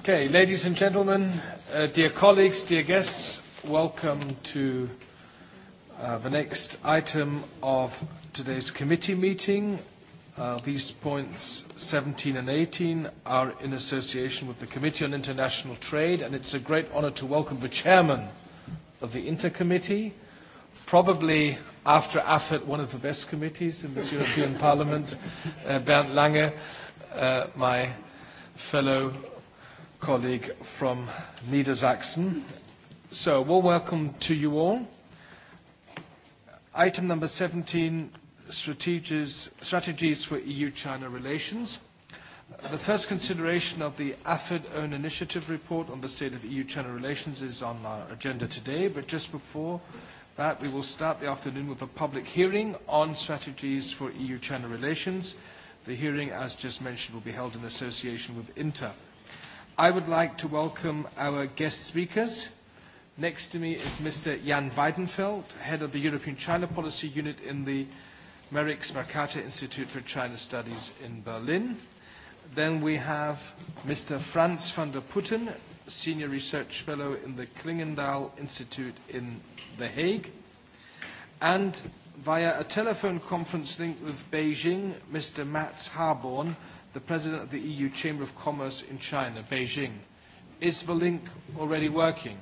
Okay, ladies and gentlemen, uh, dear colleagues, dear guests, welcome to uh, the next item of today's committee meeting. Uh, these points 17 and 18 are in association with the Committee on International Trade, and it's a great honor to welcome the chairman of the Intercommittee, probably after AFET, one of the best committees in this European Parliament, uh, Bernd Lange, uh, my fellow colleague from Niedersachsen. So, well, welcome to you all. Item number 17, strategies, strategies for EU-China relations. The first consideration of the AFID own initiative report on the state of EU-China relations is on our agenda today, but just before that, we will start the afternoon with a public hearing on strategies for EU-China relations. The hearing, as just mentioned, will be held in association with Inter. I would like to welcome our guest speakers. Next to me is Mr. Jan Weidenfeld, head of the European China Policy Unit in the Merix Mercator Institute for China Studies in Berlin. Then we have Mr. Franz van der Putten, Senior Research Fellow in the Klingendal Institute in The Hague. And via a telephone conference link with Beijing, Mr. Mats Harborn, the President of the EU Chamber of Commerce in China, Beijing. Is the link already working?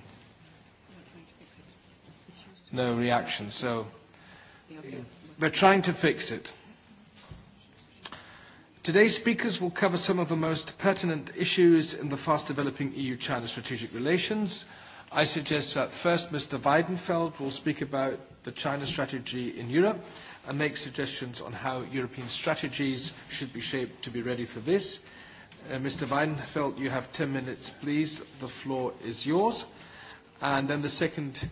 No reaction, so they're trying to fix it. Today's speakers will cover some of the most pertinent issues in the fast-developing EU-China strategic relations. I suggest that first Mr. Weidenfeld will speak about the China strategy in Europe, and make suggestions on how European strategies should be shaped to be ready for this. Uh, Mr. Weidenfeld, you have 10 minutes, please. The floor is yours. And then the second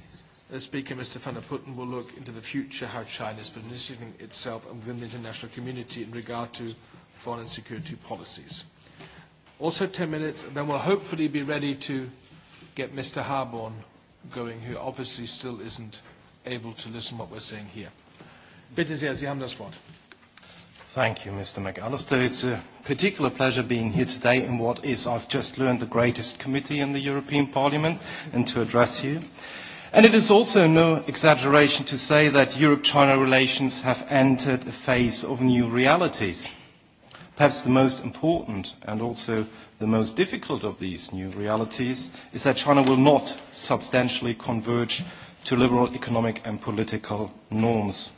uh, speaker, Mr. van der Putten, will look into the future, how China is positioning itself and within the international community in regard to foreign and security policies. Also 10 minutes, and then we'll hopefully be ready to get Mr. Harborn going, who obviously still isn't able to listen to what we're saying here. Bitte sehr, Sie haben das Wort. Thank you, Mr. McAllister. It's a particular pleasure being here today in what is, I've just learned, the greatest committee in the European Parliament, and to address you. And it is also no exaggeration to say that Europe-China relations have entered a phase of new realities. Perhaps the most important and also the most difficult of these new realities is that China will not substantially converge to liberal economic and political norms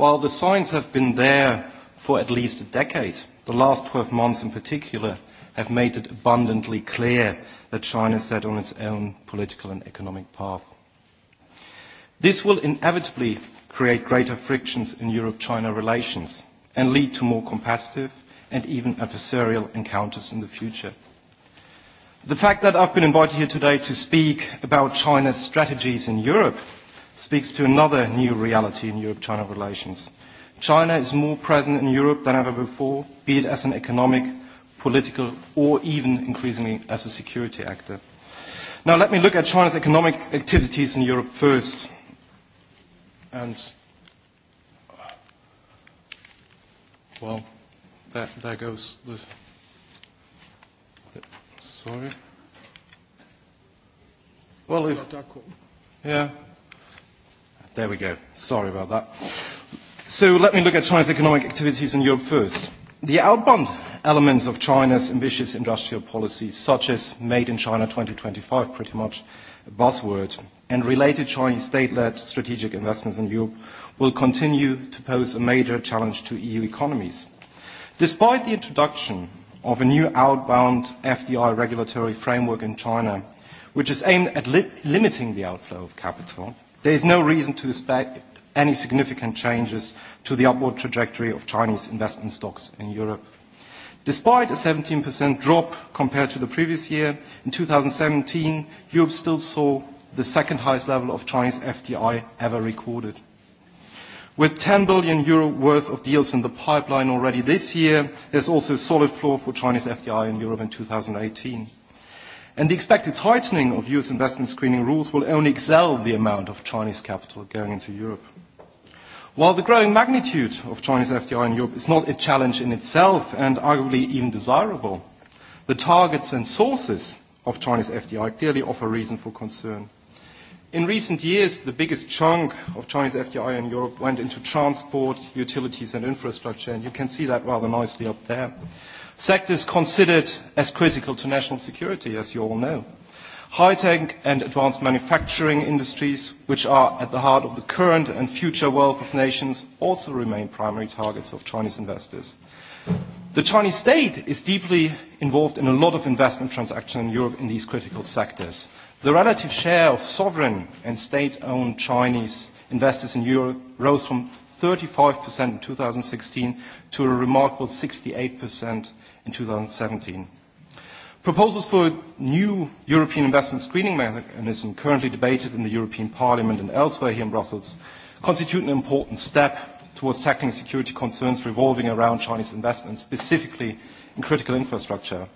While the signs have been there for at least a decade, the last 12 months in particular have made it abundantly clear that China is set on its own political and economic path. This will inevitably create greater frictions in Europe-China relations and lead to more competitive and even adversarial encounters in the future. The fact that I've been invited here today to speak about China's strategies in Europe speaks to another new reality in Europe-China relations. China is more present in Europe than ever before, be it as an economic, political, or even increasingly as a security actor. Now let me look at China's economic activities in Europe first. And, well, that, there goes the, the sorry. Well, if, yeah, There we go. Sorry about that. So let me look at China's economic activities in Europe first. The outbound elements of China's ambitious industrial policy, such as Made in China 2025, pretty much a buzzword, and related Chinese state-led strategic investments in Europe will continue to pose a major challenge to EU economies. Despite the introduction of a new outbound FDI regulatory framework in China, which is aimed at li limiting the outflow of capital, There is no reason to expect any significant changes to the upward trajectory of Chinese investment stocks in Europe. Despite a 17% drop compared to the previous year, in 2017, Europe still saw the second highest level of Chinese FDI ever recorded. With 10 billion euro worth of deals in the pipeline already this year, there's also a solid floor for Chinese FDI in Europe in 2018 and the expected tightening of US investment screening rules will only excel the amount of Chinese capital going into Europe. While the growing magnitude of Chinese FDI in Europe is not a challenge in itself and arguably even desirable, the targets and sources of Chinese FDI clearly offer reason for concern. In recent years, the biggest chunk of Chinese FDI in Europe went into transport, utilities, and infrastructure, and you can see that rather nicely up there sectors considered as critical to national security, as you all know. High-tech and advanced manufacturing industries, which are at the heart of the current and future wealth of nations, also remain primary targets of Chinese investors. The Chinese state is deeply involved in a lot of investment transactions in Europe in these critical sectors. The relative share of sovereign and state-owned Chinese investors in Europe rose from 35% in 2016 to a remarkable 68% in 2017 in 2017. Proposals for a new European investment screening mechanism currently debated in the European Parliament and elsewhere here in Brussels constitute an important step towards tackling security concerns revolving around Chinese investments, specifically in critical infrastructure.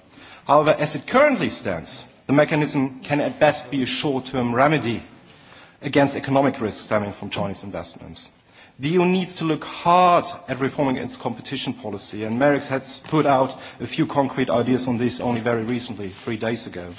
However, as it currently stands, the mechanism can at best be a short-term remedy against economic risks stemming from Chinese investments. The EU needs to look hard at reforming its competition policy, and Merix has put out a few concrete ideas on this only very recently, three days ago.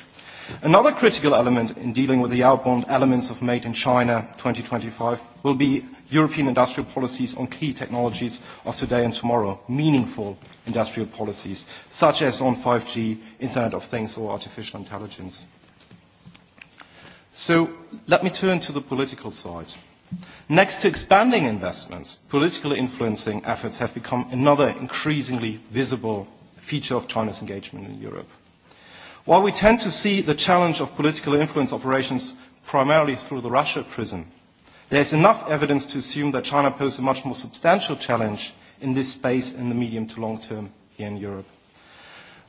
Another critical element in dealing with the outbound elements of Made in China 2025 will be European industrial policies on key technologies of today and tomorrow, meaningful industrial policies, such as on 5G, Internet of Things, or artificial intelligence. So let me turn to the political side. Next to expanding investments, political influencing efforts have become another increasingly visible feature of China's engagement in Europe. While we tend to see the challenge of political influence operations primarily through the Russia prism, there is enough evidence to assume that China poses a much more substantial challenge in this space in the medium to long term here in Europe.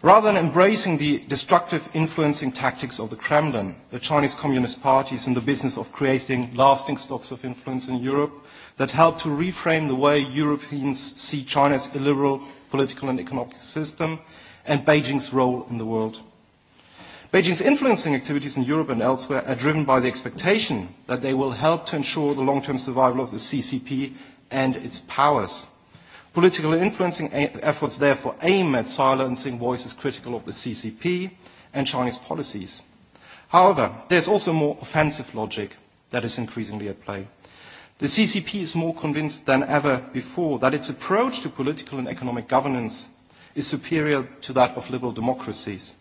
Rather than embracing the destructive influencing tactics of the Kremlin, the Chinese Communist Party is in the business of creating lasting stocks of influence in Europe that help to reframe the way Europeans see China's illiberal political and economic system and Beijing's role in the world. Beijing's influencing activities in Europe and elsewhere are driven by the expectation that they will help to ensure the long-term survival of the CCP and its powers. Political influencing efforts therefore aim at silencing voices critical of the CCP and Chinese policies. However, there's also more offensive logic that is increasingly at play. The CCP is more convinced than ever before that its approach to political and economic governance is superior to that of liberal democracies.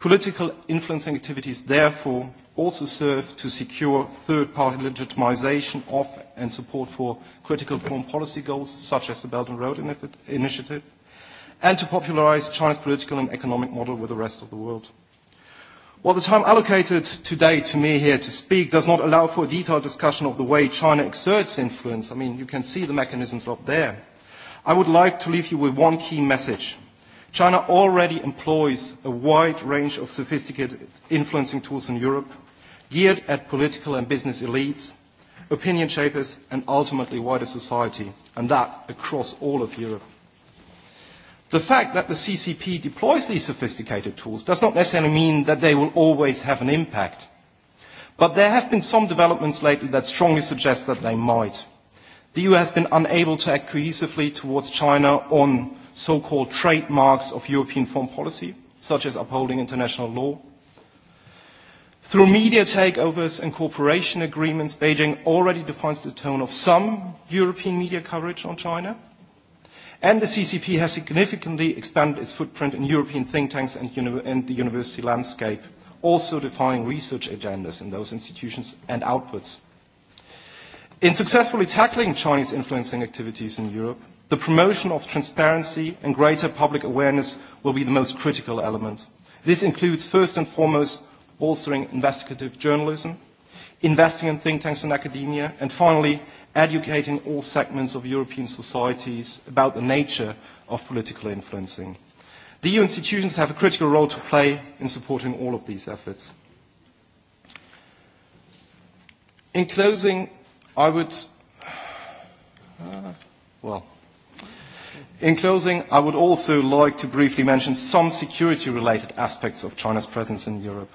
Political influencing activities therefore also serve to secure third-party legitimization of and support for critical foreign policy goals such as the Belt and Road Initiative, and to popularize China's political and economic model with the rest of the world. While the time allocated today to me here to speak does not allow for a detailed discussion of the way China exerts influence, I mean, you can see the mechanisms up there, I would like to leave you with one key message. China already employs a wide range of sophisticated influencing tools in Europe, geared at political and business elites, opinion shapers, and ultimately wider society, and that across all of Europe. The fact that the CCP deploys these sophisticated tools does not necessarily mean that they will always have an impact. But there have been some developments lately that strongly suggest that they might. The EU has been unable to act cohesively towards China on so-called trademarks of European foreign policy, such as upholding international law. Through media takeovers and cooperation agreements, Beijing already defines the tone of some European media coverage on China, and the CCP has significantly expanded its footprint in European think tanks and, uni- and the university landscape, also defining research agendas in those institutions and outputs. In successfully tackling Chinese influencing activities in Europe, the promotion of transparency and greater public awareness will be the most critical element. This includes, first and foremost, bolstering investigative journalism, investing in think tanks and academia, and finally, educating all segments of European societies about the nature of political influencing. The EU institutions have a critical role to play in supporting all of these efforts. In closing, I would, uh, well, in closing, I would also like to briefly mention some security-related aspects of China's presence in Europe.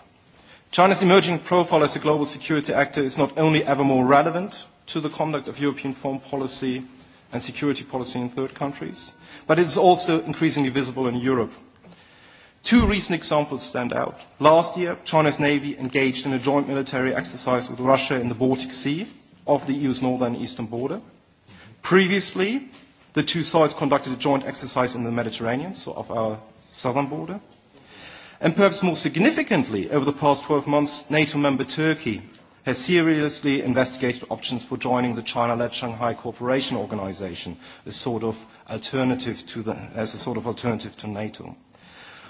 China's emerging profile as a global security actor is not only ever more relevant to the conduct of European foreign policy and security policy in third countries, but it is also increasingly visible in Europe. Two recent examples stand out. Last year, China's Navy engaged in a joint military exercise with Russia in the Baltic Sea off the EU's northern and eastern border. Previously, the two sides conducted a joint exercise in the Mediterranean, so off our southern border. And perhaps more significantly, over the past 12 months, NATO member Turkey has seriously investigated options for joining the China-led Shanghai Cooperation Organization, a sort of alternative to the, as a sort of alternative to NATO.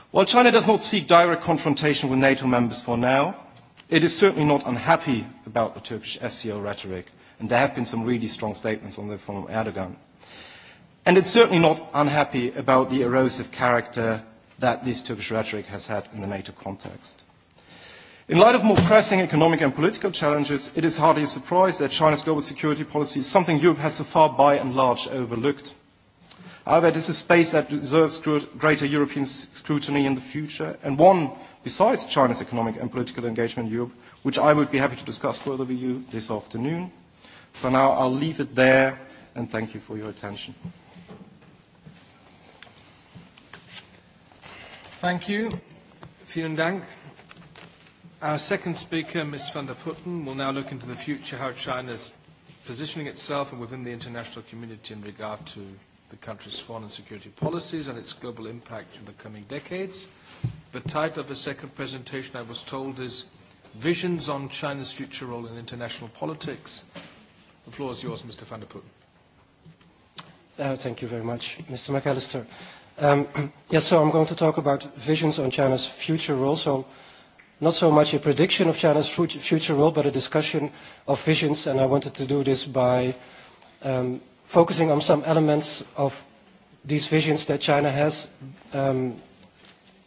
While China does not seek direct confrontation with NATO members for now, it is certainly not unhappy about the Turkish SCO rhetoric, and there have been some really strong statements on that from Erdogan. And it's certainly not unhappy about the erosive character that this Turkish rhetoric has had in the NATO context. In light of more pressing economic and political challenges, it is hardly a surprise that China's global security policy is something Europe has so far by and large overlooked. However, it is a space that deserves greater European scrutiny in the future, and one, besides China's economic and political engagement in Europe, which I would be happy to discuss further with you this afternoon. For now, I'll leave it there, and thank you for your attention. Thank you. Vielen Dank. Our second speaker, Ms. van der Putten, will now look into the future, how China is positioning itself and within the international community in regard to the country's foreign and security policies and its global impact in the coming decades. The title of the second presentation, I was told, is Visions on China's Future Role in International Politics. The floor is yours, Mr. van der Putten. Uh, thank you very much, Mr. McAllister. Um, yes, so I'm going to talk about visions on China's future role. So not so much a prediction of China's future role, but a discussion of visions. And I wanted to do this by um, focusing on some elements of these visions that China has um,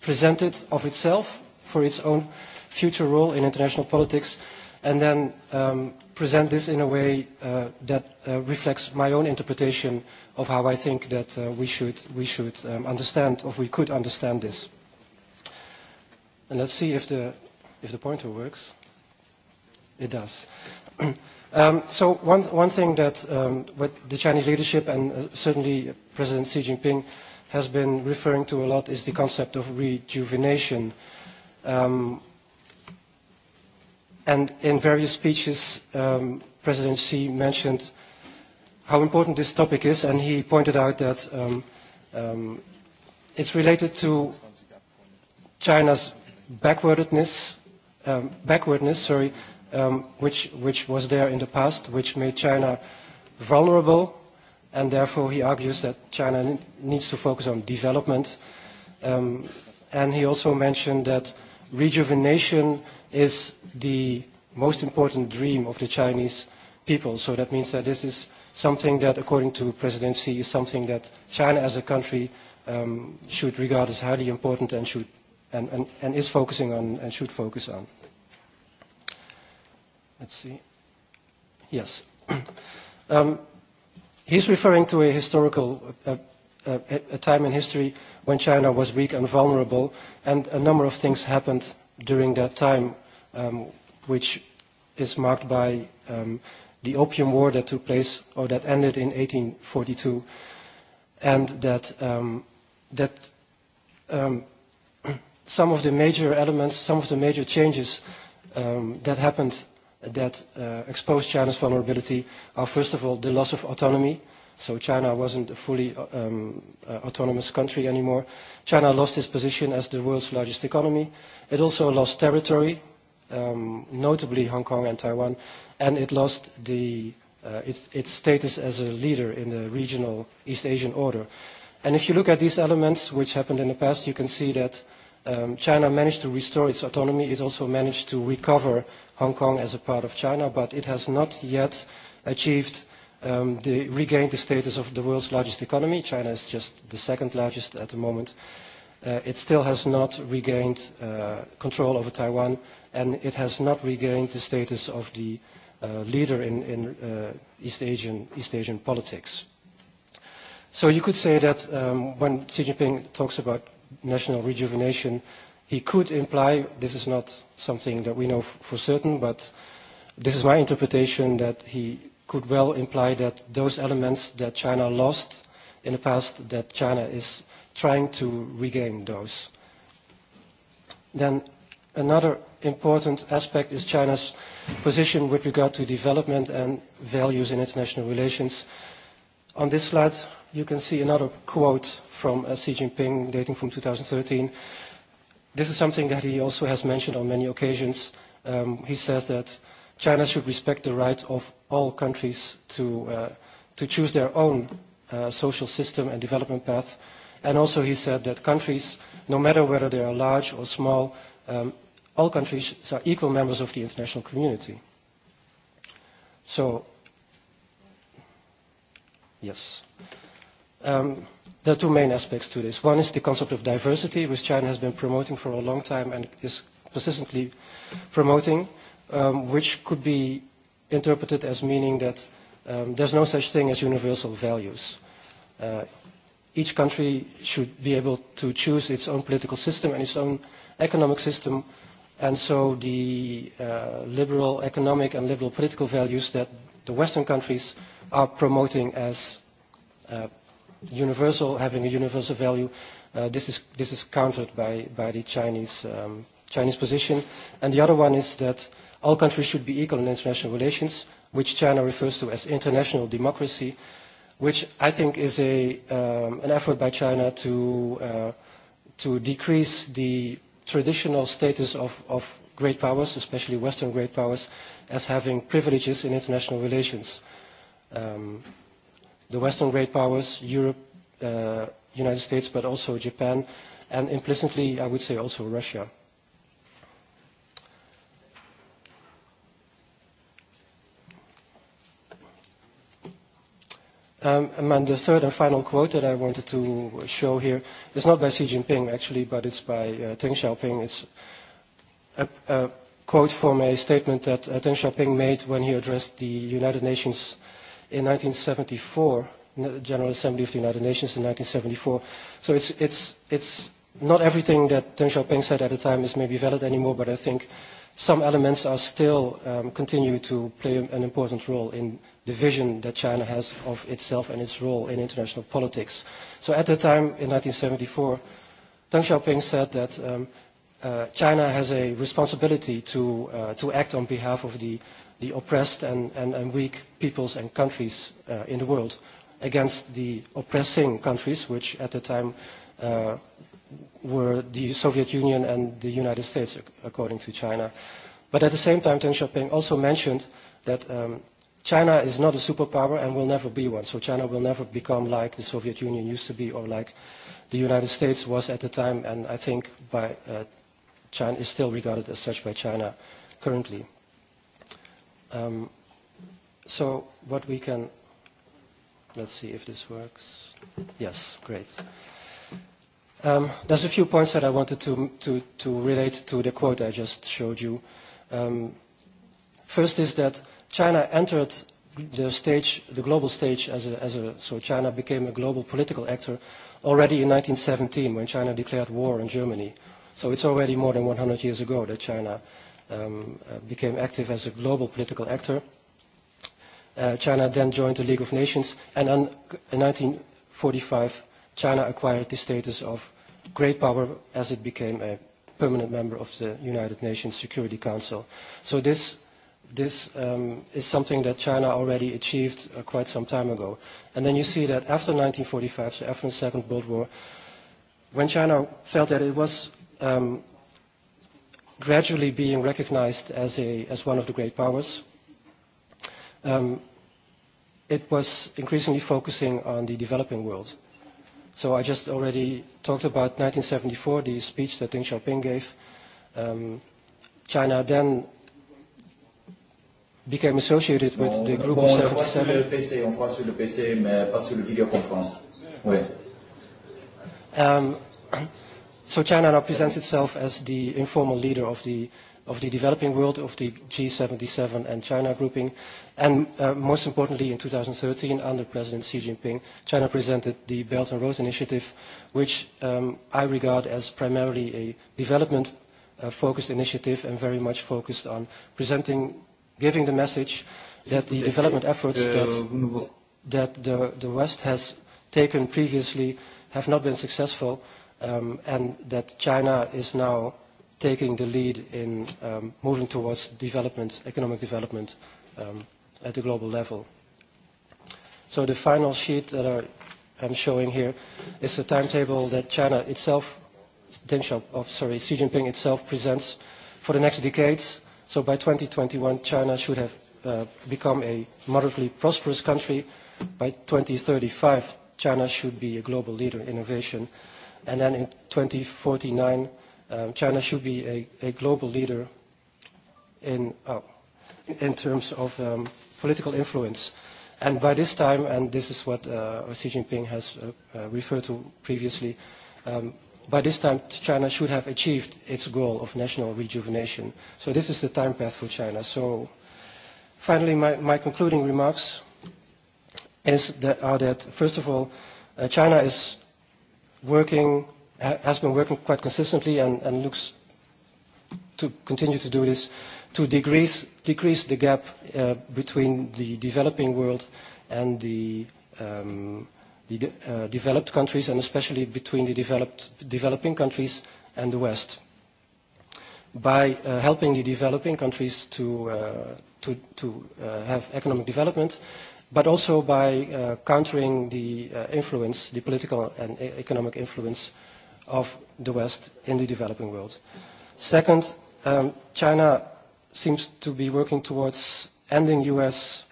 presented of itself for its own future role in international politics, and then um, present this in a way uh, that uh, reflects my own interpretation of how I think that uh, we should, we should um, understand, or we could understand this. And let's see if the, if the pointer works. It does. um, so one, one thing that um, what the Chinese leadership and uh, certainly President Xi Jinping has been referring to a lot is the concept of rejuvenation. Um, and in various speeches, um, President Xi mentioned how important this topic is, and he pointed out that um, um, it's related to China's backwardness, um, backwardness, sorry, um, which which was there in the past, which made China vulnerable, and therefore he argues that China needs to focus on development. Um, and he also mentioned that rejuvenation is the most important dream of the Chinese people. So that means that this is something that, according to President Xi, is something that China as a country um, should regard as highly important and, should, and, and, and is focusing on and should focus on. Let's see. Yes. um, he's referring to a historical, uh, uh, a, a time in history when China was weak and vulnerable, and a number of things happened during that time, um, which is marked by um, the Opium War that took place or that ended in 1842, and that um, that um, some of the major elements, some of the major changes um, that happened that uh, exposed China's vulnerability are, first of all, the loss of autonomy. So China wasn't a fully um, uh, autonomous country anymore. China lost its position as the world's largest economy. It also lost territory um, notably Hong Kong and Taiwan, and it lost the, uh, its, its status as a leader in the regional East Asian order. And if you look at these elements, which happened in the past, you can see that um, China managed to restore its autonomy. It also managed to recover Hong Kong as a part of China, but it has not yet achieved um, the, regained the status of the world's largest economy. China is just the second largest at the moment. Uh, Uh, it still has not regained uh, control over Taiwan, and it has not regained the status of the uh, leader in, in uh, East, Asian, East Asian politics. So you could say that um, when Xi Jinping talks about national rejuvenation, he could imply, this is not something that we know for certain, but this is my interpretation, that he could well imply that those elements that China lost in the past, that China is trying to regain those. Then another important aspect is China's position with regard to development and values in international relations. On this slide, you can see another quote from uh, Xi Jinping dating from 2013. This is something that he also has mentioned on many occasions. Um, he says that China should respect the right of all countries to, uh, to choose their own uh, social system and development path, And also he said that countries, no matter whether they are large or small, um, all countries are equal members of the international community. So, yes. Um, there are two main aspects to this. One is the concept of diversity, which China has been promoting for a long time and is persistently promoting, um, which could be interpreted as meaning that um, there's no such thing as universal values. Uh, each country should be able to choose its own political system and its own economic system. And so the uh, liberal economic and liberal political values that the Western countries are promoting as uh, universal, having a universal value, uh, this, is, this is countered by, by the Chinese, um, Chinese position. And the other one is that all countries should be equal in international relations, which China refers to as international democracy which I think is a, um, an effort by China to, uh, to decrease the traditional status of, of great powers, especially Western great powers, as having privileges in international relations. Um, the Western great powers, Europe, uh, United States, but also Japan, and implicitly, I would say also Russia. Um, and the third and final quote that I wanted to show here is not by Xi Jinping, actually, but it's by uh, Deng Xiaoping. It's a, a quote from a statement that uh, Deng Xiaoping made when he addressed the United Nations in 1974, General Assembly of the United Nations in 1974. So it's, it's, it's not everything that Deng Xiaoping said at the time is maybe valid anymore, but I think some elements are still um, continue to play an important role in the vision that China has of itself and its role in international politics. So at the time, in 1974, Deng Xiaoping said that um, uh, China has a responsibility to, uh, to act on behalf of the, the oppressed and, and, and weak peoples and countries uh, in the world against the oppressing countries, which at the time uh, were the Soviet Union and the United States, according to China. But at the same time, Deng Xiaoping also mentioned that um, China is not a superpower and will never be one. So China will never become like the Soviet Union used to be or like the United States was at the time. And I think by uh, China is still regarded as such by China currently. Um, so what we can, let's see if this works. Yes, great. Um, there's a few points that I wanted to, to, to relate to the quote I just showed you. Um, first is that China entered the stage, the global stage, as a, as a, so China became a global political actor already in 1917 when China declared war on Germany. So it's already more than 100 years ago that China um, uh, became active as a global political actor. Uh, China then joined the League of Nations, and in 1945, China acquired the status of great power as it became a permanent member of the United Nations Security Council. So this this um, is something that China already achieved uh, quite some time ago. And then you see that after 1945, so after the Second World War, when China felt that it was um, gradually being recognized as, a, as one of the great powers, um, it was increasingly focusing on the developing world. So I just already talked about 1974, the speech that Deng Xiaoping gave. Um, China then became associated with on, the group bon, of 77. On fera sur le PC, on fera sur le PC, mais pas sur le videoconference. Oui. Um, so China now presents itself as the informal leader of the of the developing world, of the G77 and China grouping. And uh, most importantly, in 2013, under President Xi Jinping, China presented the Belt and Road Initiative, which um, I regard as primarily a development-focused uh, initiative and very much focused on presenting giving the message that the development efforts that, uh, that the, the West has taken previously have not been successful um, and that China is now taking the lead in um, moving towards development, economic development um, at the global level. So the final sheet that I, I'm showing here is a timetable that China itself, Deng Xiaoping, oh, sorry, Xi Jinping itself presents for the next decades So by 2021, China should have uh, become a moderately prosperous country. By 2035, China should be a global leader in innovation. And then in 2049, um, uh, China should be a, a global leader in, uh, in terms of um, political influence. And by this time, and this is what uh, Xi Jinping has uh, uh, referred to previously, um, by this time, China should have achieved its goal of national rejuvenation. So this is the time path for China. So finally, my, my concluding remarks is that, are that, first of all, uh, China is working, ha has been working quite consistently and, and looks to continue to do this, to decrease, decrease the gap uh, between the developing world and the um, the de uh, developed countries and especially between the developed, developing countries and the West. By uh, helping the developing countries to, uh, to, to uh, have economic development, but also by uh, countering the uh, influence, the political and e-, economic influence of the West in the developing world. Second, um, China seems to be working towards ending U.S.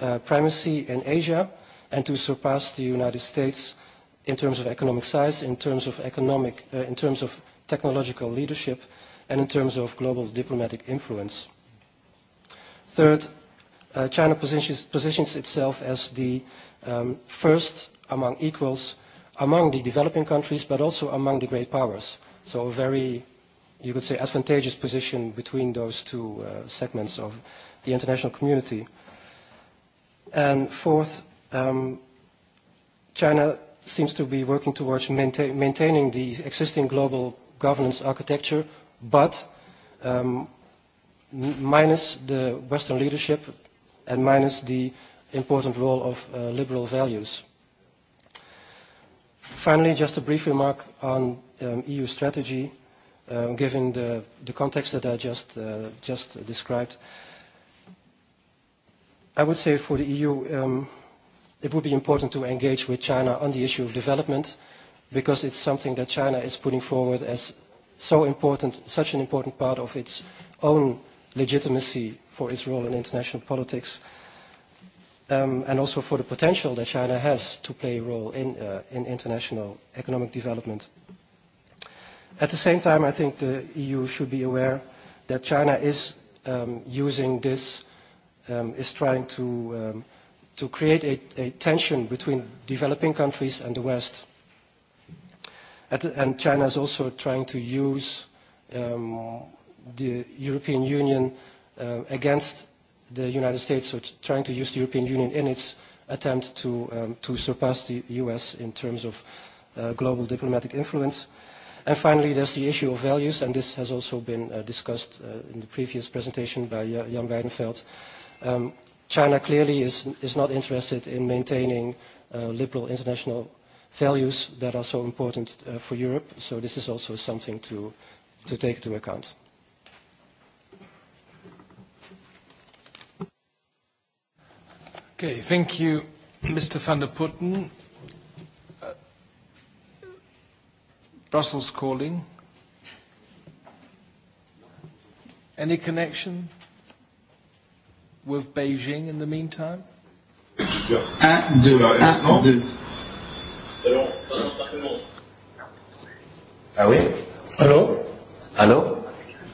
Uh, primacy in Asia and to surpass the United States in terms of economic size, in terms of economic, uh, in terms of technological leadership, and in terms of global diplomatic influence. Third, uh, China positions, positions itself as the um, first among equals among the developing countries, but also among the great powers. So a very, you could say, advantageous position between those two uh, segments of the international community. And fourth, Um, China seems to be working towards maintain, maintaining the existing global governance architecture, but um, minus the Western leadership and minus the important role of uh, liberal values. Finally, just a brief remark on um, EU strategy, um, given the, the context that I just, uh, just described. I would say for the EU, um, it would be important to engage with China on the issue of development because it's something that China is putting forward as so important, such an important part of its own legitimacy for its role in international politics, um, and also for the potential that China has to play a role in, uh, in international economic development. At the same time, I think the EU should be aware that China is um, using this, um, is trying to um, to create a, a tension between developing countries and the West. At, and China is also trying to use um, the European Union uh, against the United States, so trying to use the European Union in its attempt to, um, to surpass the U.S. in terms of uh, global diplomatic influence. And finally, there's the issue of values, and this has also been uh, discussed uh, in the previous presentation by uh, Jan Weidenfeld. Um, China clearly is, is not interested in maintaining uh, liberal international values that are so important uh, for Europe. So this is also something to, to take into account. Okay, thank you, Mr. van der Putten. Uh, Brussels calling. Any connection? with Beijing in the meantime? 1, 2, 1, 2. Ah oui Allô Allô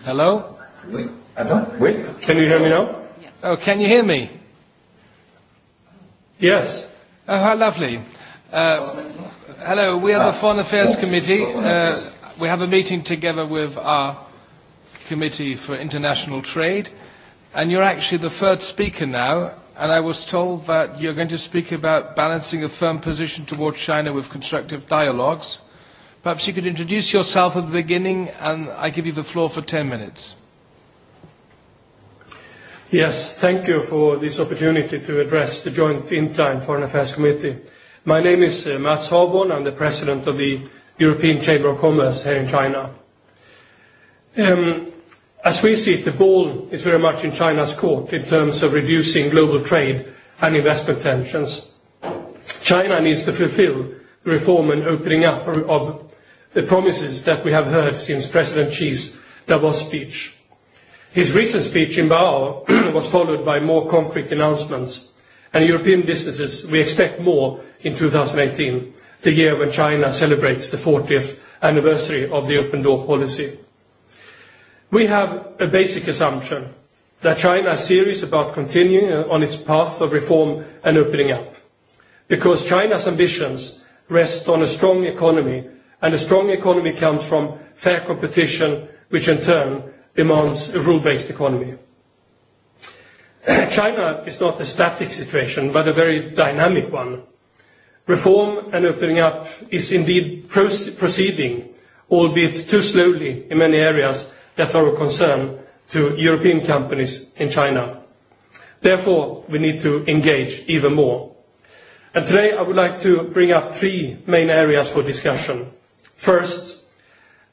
Hello Oui. Attends, oui. Can you hear me now? Yes. Oh, can you hear me? Yes. Oh, how lovely. Uh, hello, we are the ah. Foreign Affairs Committee. Uh, we have a meeting together with our Committee for International Trade. And you're actually the third speaker now, and I was told that you're going to speak about balancing a firm position towards China with constructive dialogues. Perhaps you could introduce yourself at the beginning, and I give you the floor for 10 minutes. Yes, thank you for this opportunity to address the joint INTA Foreign Affairs Committee. My name is uh, Mats Harborn. I'm the president of the European Chamber of Commerce here in China. Um, As we see it, the ball is very much in China's court in terms of reducing global trade and investment tensions. China needs to fulfill the reform and opening up of the promises that we have heard since President Xi's Davos speech. His recent speech in Baal was followed by more concrete announcements, and European businesses, we expect more in 2018, the year when China celebrates the 40th anniversary of the open door policy. We have a basic assumption that China is serious about continuing on its path of reform and opening up, because China's ambitions rest on a strong economy, and a strong economy comes from fair competition, which in turn demands a rule-based economy. China is not a static situation, but a very dynamic one. Reform and opening up is indeed proceeding, albeit too slowly in many areas, that are a concern to European companies in China. Therefore, we need to engage even more. And Today, I would like to bring up three main areas for discussion. First,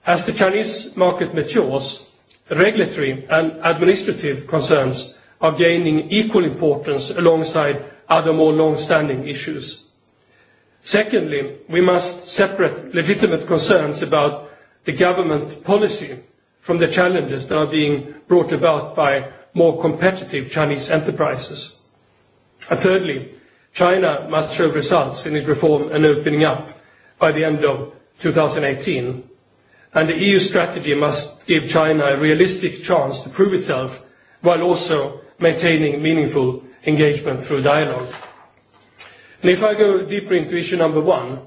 as the Chinese market matures, regulatory and administrative concerns are gaining equal importance alongside other more long-standing issues. Secondly, we must separate legitimate concerns about the government policy from the challenges that are being brought about by more competitive Chinese enterprises. And thirdly, China must show results in its reform and opening up by the end of 2018, and the EU strategy must give China a realistic chance to prove itself while also maintaining meaningful engagement through dialogue. And If I go deeper into issue number one,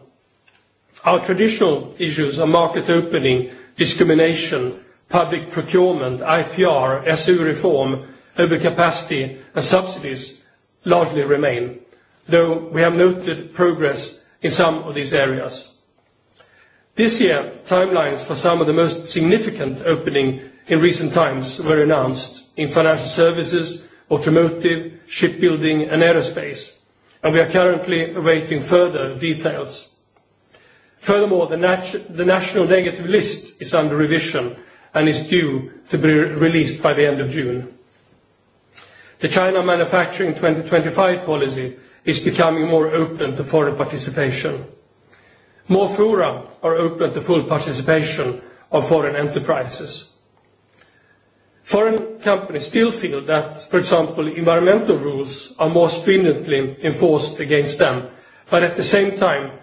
our traditional issues are market opening, discrimination, public procurement, IPR, SU reform, overcapacity, and subsidies largely remain, though we have noted progress in some of these areas. This year, timelines for some of the most significant opening in recent times were announced in financial services, automotive, shipbuilding, and aerospace, and we are currently awaiting further details. Furthermore, the, the national negative list is under revision, and is due to be released by the end of June. The China Manufacturing 2025 policy is becoming more open to foreign participation. More fora are open to full participation of foreign enterprises. Foreign companies still feel that, for example, environmental rules are more stringently enforced against them. But at the same time,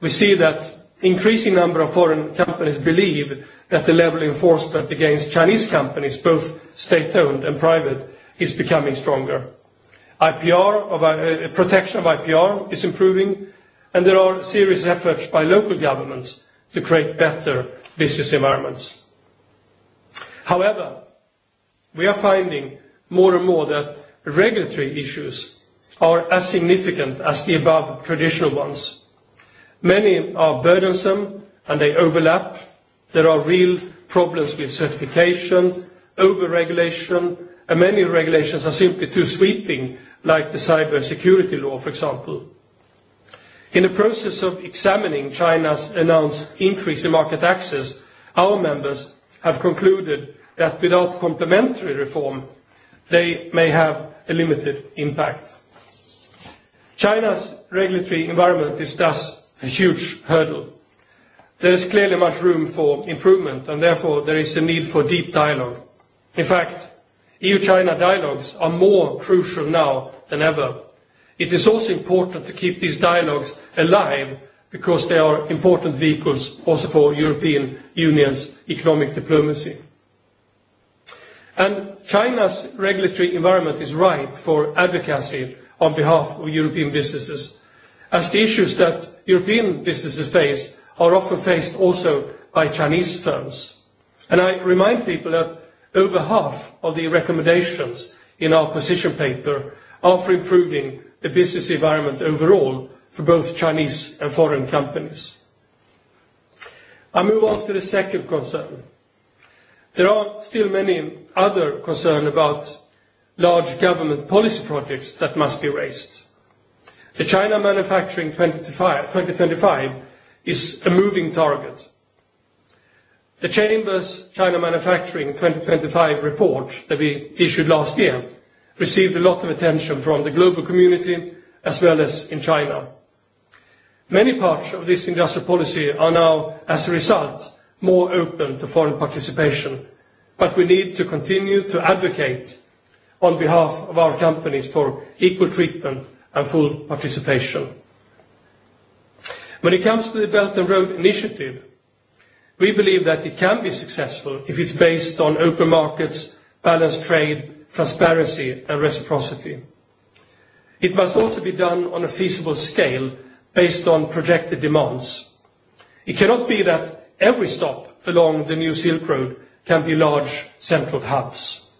we see that increasing number of foreign companies believe that the level of enforcement against Chinese companies, both state-owned and private, is becoming stronger. IPR of, uh, uh, protection of IPR is improving, and there are serious efforts by local governments to create better business environments. However, we are finding more and more that regulatory issues are as significant as the above traditional ones Many are burdensome and they overlap. There are real problems with certification, over-regulation, and many regulations are simply too sweeping, like the cybersecurity law, for example. In the process of examining China's announced increase in market access, our members have concluded that without complementary reform, they may have a limited impact. China's regulatory environment is thus a huge hurdle. There is clearly much room for improvement, and therefore there is a need for deep dialogue. In fact, EU-China dialogues are more crucial now than ever. It is also important to keep these dialogues alive because they are important vehicles also for European Union's economic diplomacy. And China's regulatory environment is ripe for advocacy on behalf of European businesses as the issues that European businesses face are often faced also by Chinese firms. And I remind people that over half of the recommendations in our position paper are for improving the business environment overall for both Chinese and foreign companies. I move on to the second concern. There are still many other concerns about large government policy projects that must be raised. The China Manufacturing 2025 is a moving target. The Chamber's China Manufacturing 2025 report that we issued last year received a lot of attention from the global community as well as in China. Many parts of this industrial policy are now, as a result, more open to foreign participation, but we need to continue to advocate on behalf of our companies for equal treatment and full participation. When it comes to the Belt and Road Initiative, we believe that it can be successful if it's based on open markets, balanced trade, transparency, and reciprocity. It must also be done on a feasible scale based on projected demands. It cannot be that every stop along the new Silk Road can be large central hubs.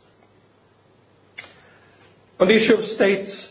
On the issue of state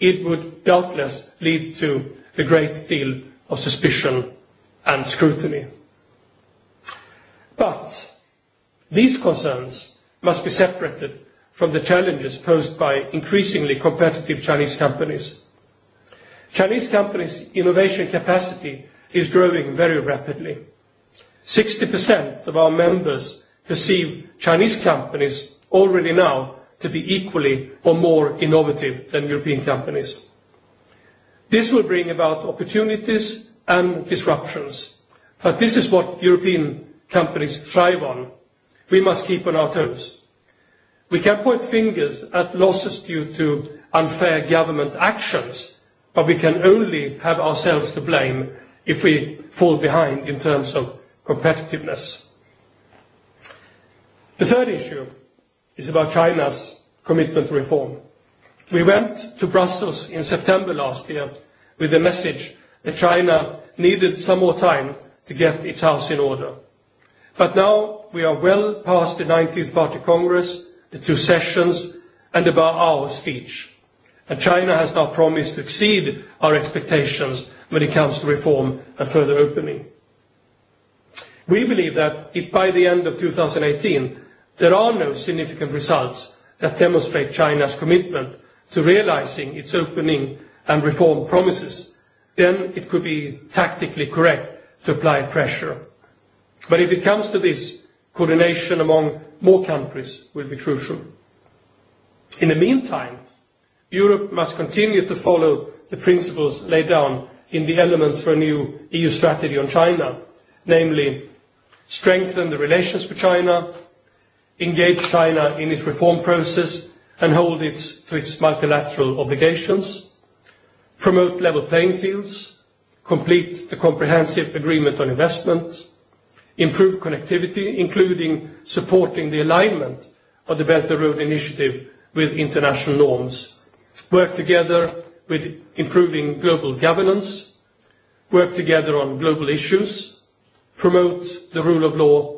it would doubtless lead to a great deal of suspicion and scrutiny. But these concerns must be separated from the challenges posed by increasingly competitive Chinese companies. Chinese companies' innovation capacity is growing very rapidly. 60% of our members perceive Chinese companies already now to be equally or more innovative than European companies. This will bring about opportunities and disruptions, but this is what European companies thrive on. We must keep on our toes. We can point fingers at losses due to unfair government actions, but we can only have ourselves to blame if we fall behind in terms of competitiveness. The third issue is about China's commitment to reform. We went to Brussels in September last year with the message that China needed some more time to get its house in order. But now we are well past the 19th Party Congress, the two sessions, and about our speech. And China has now promised to exceed our expectations when it comes to reform and further opening. We believe that if by the end of 2018 There are no significant results that demonstrate China's commitment to realizing its opening and reform promises, then it could be tactically correct to apply pressure. But if it comes to this, coordination among more countries will be crucial. In the meantime, Europe must continue to follow the principles laid down in the elements for a new EU strategy on China, namely strengthen the relations with China, engage China in its reform process and hold it to its multilateral obligations, promote level playing fields, complete the comprehensive agreement on investment, improve connectivity, including supporting the alignment of the Belt and Road Initiative with international norms, work together with improving global governance, work together on global issues, promote the rule of law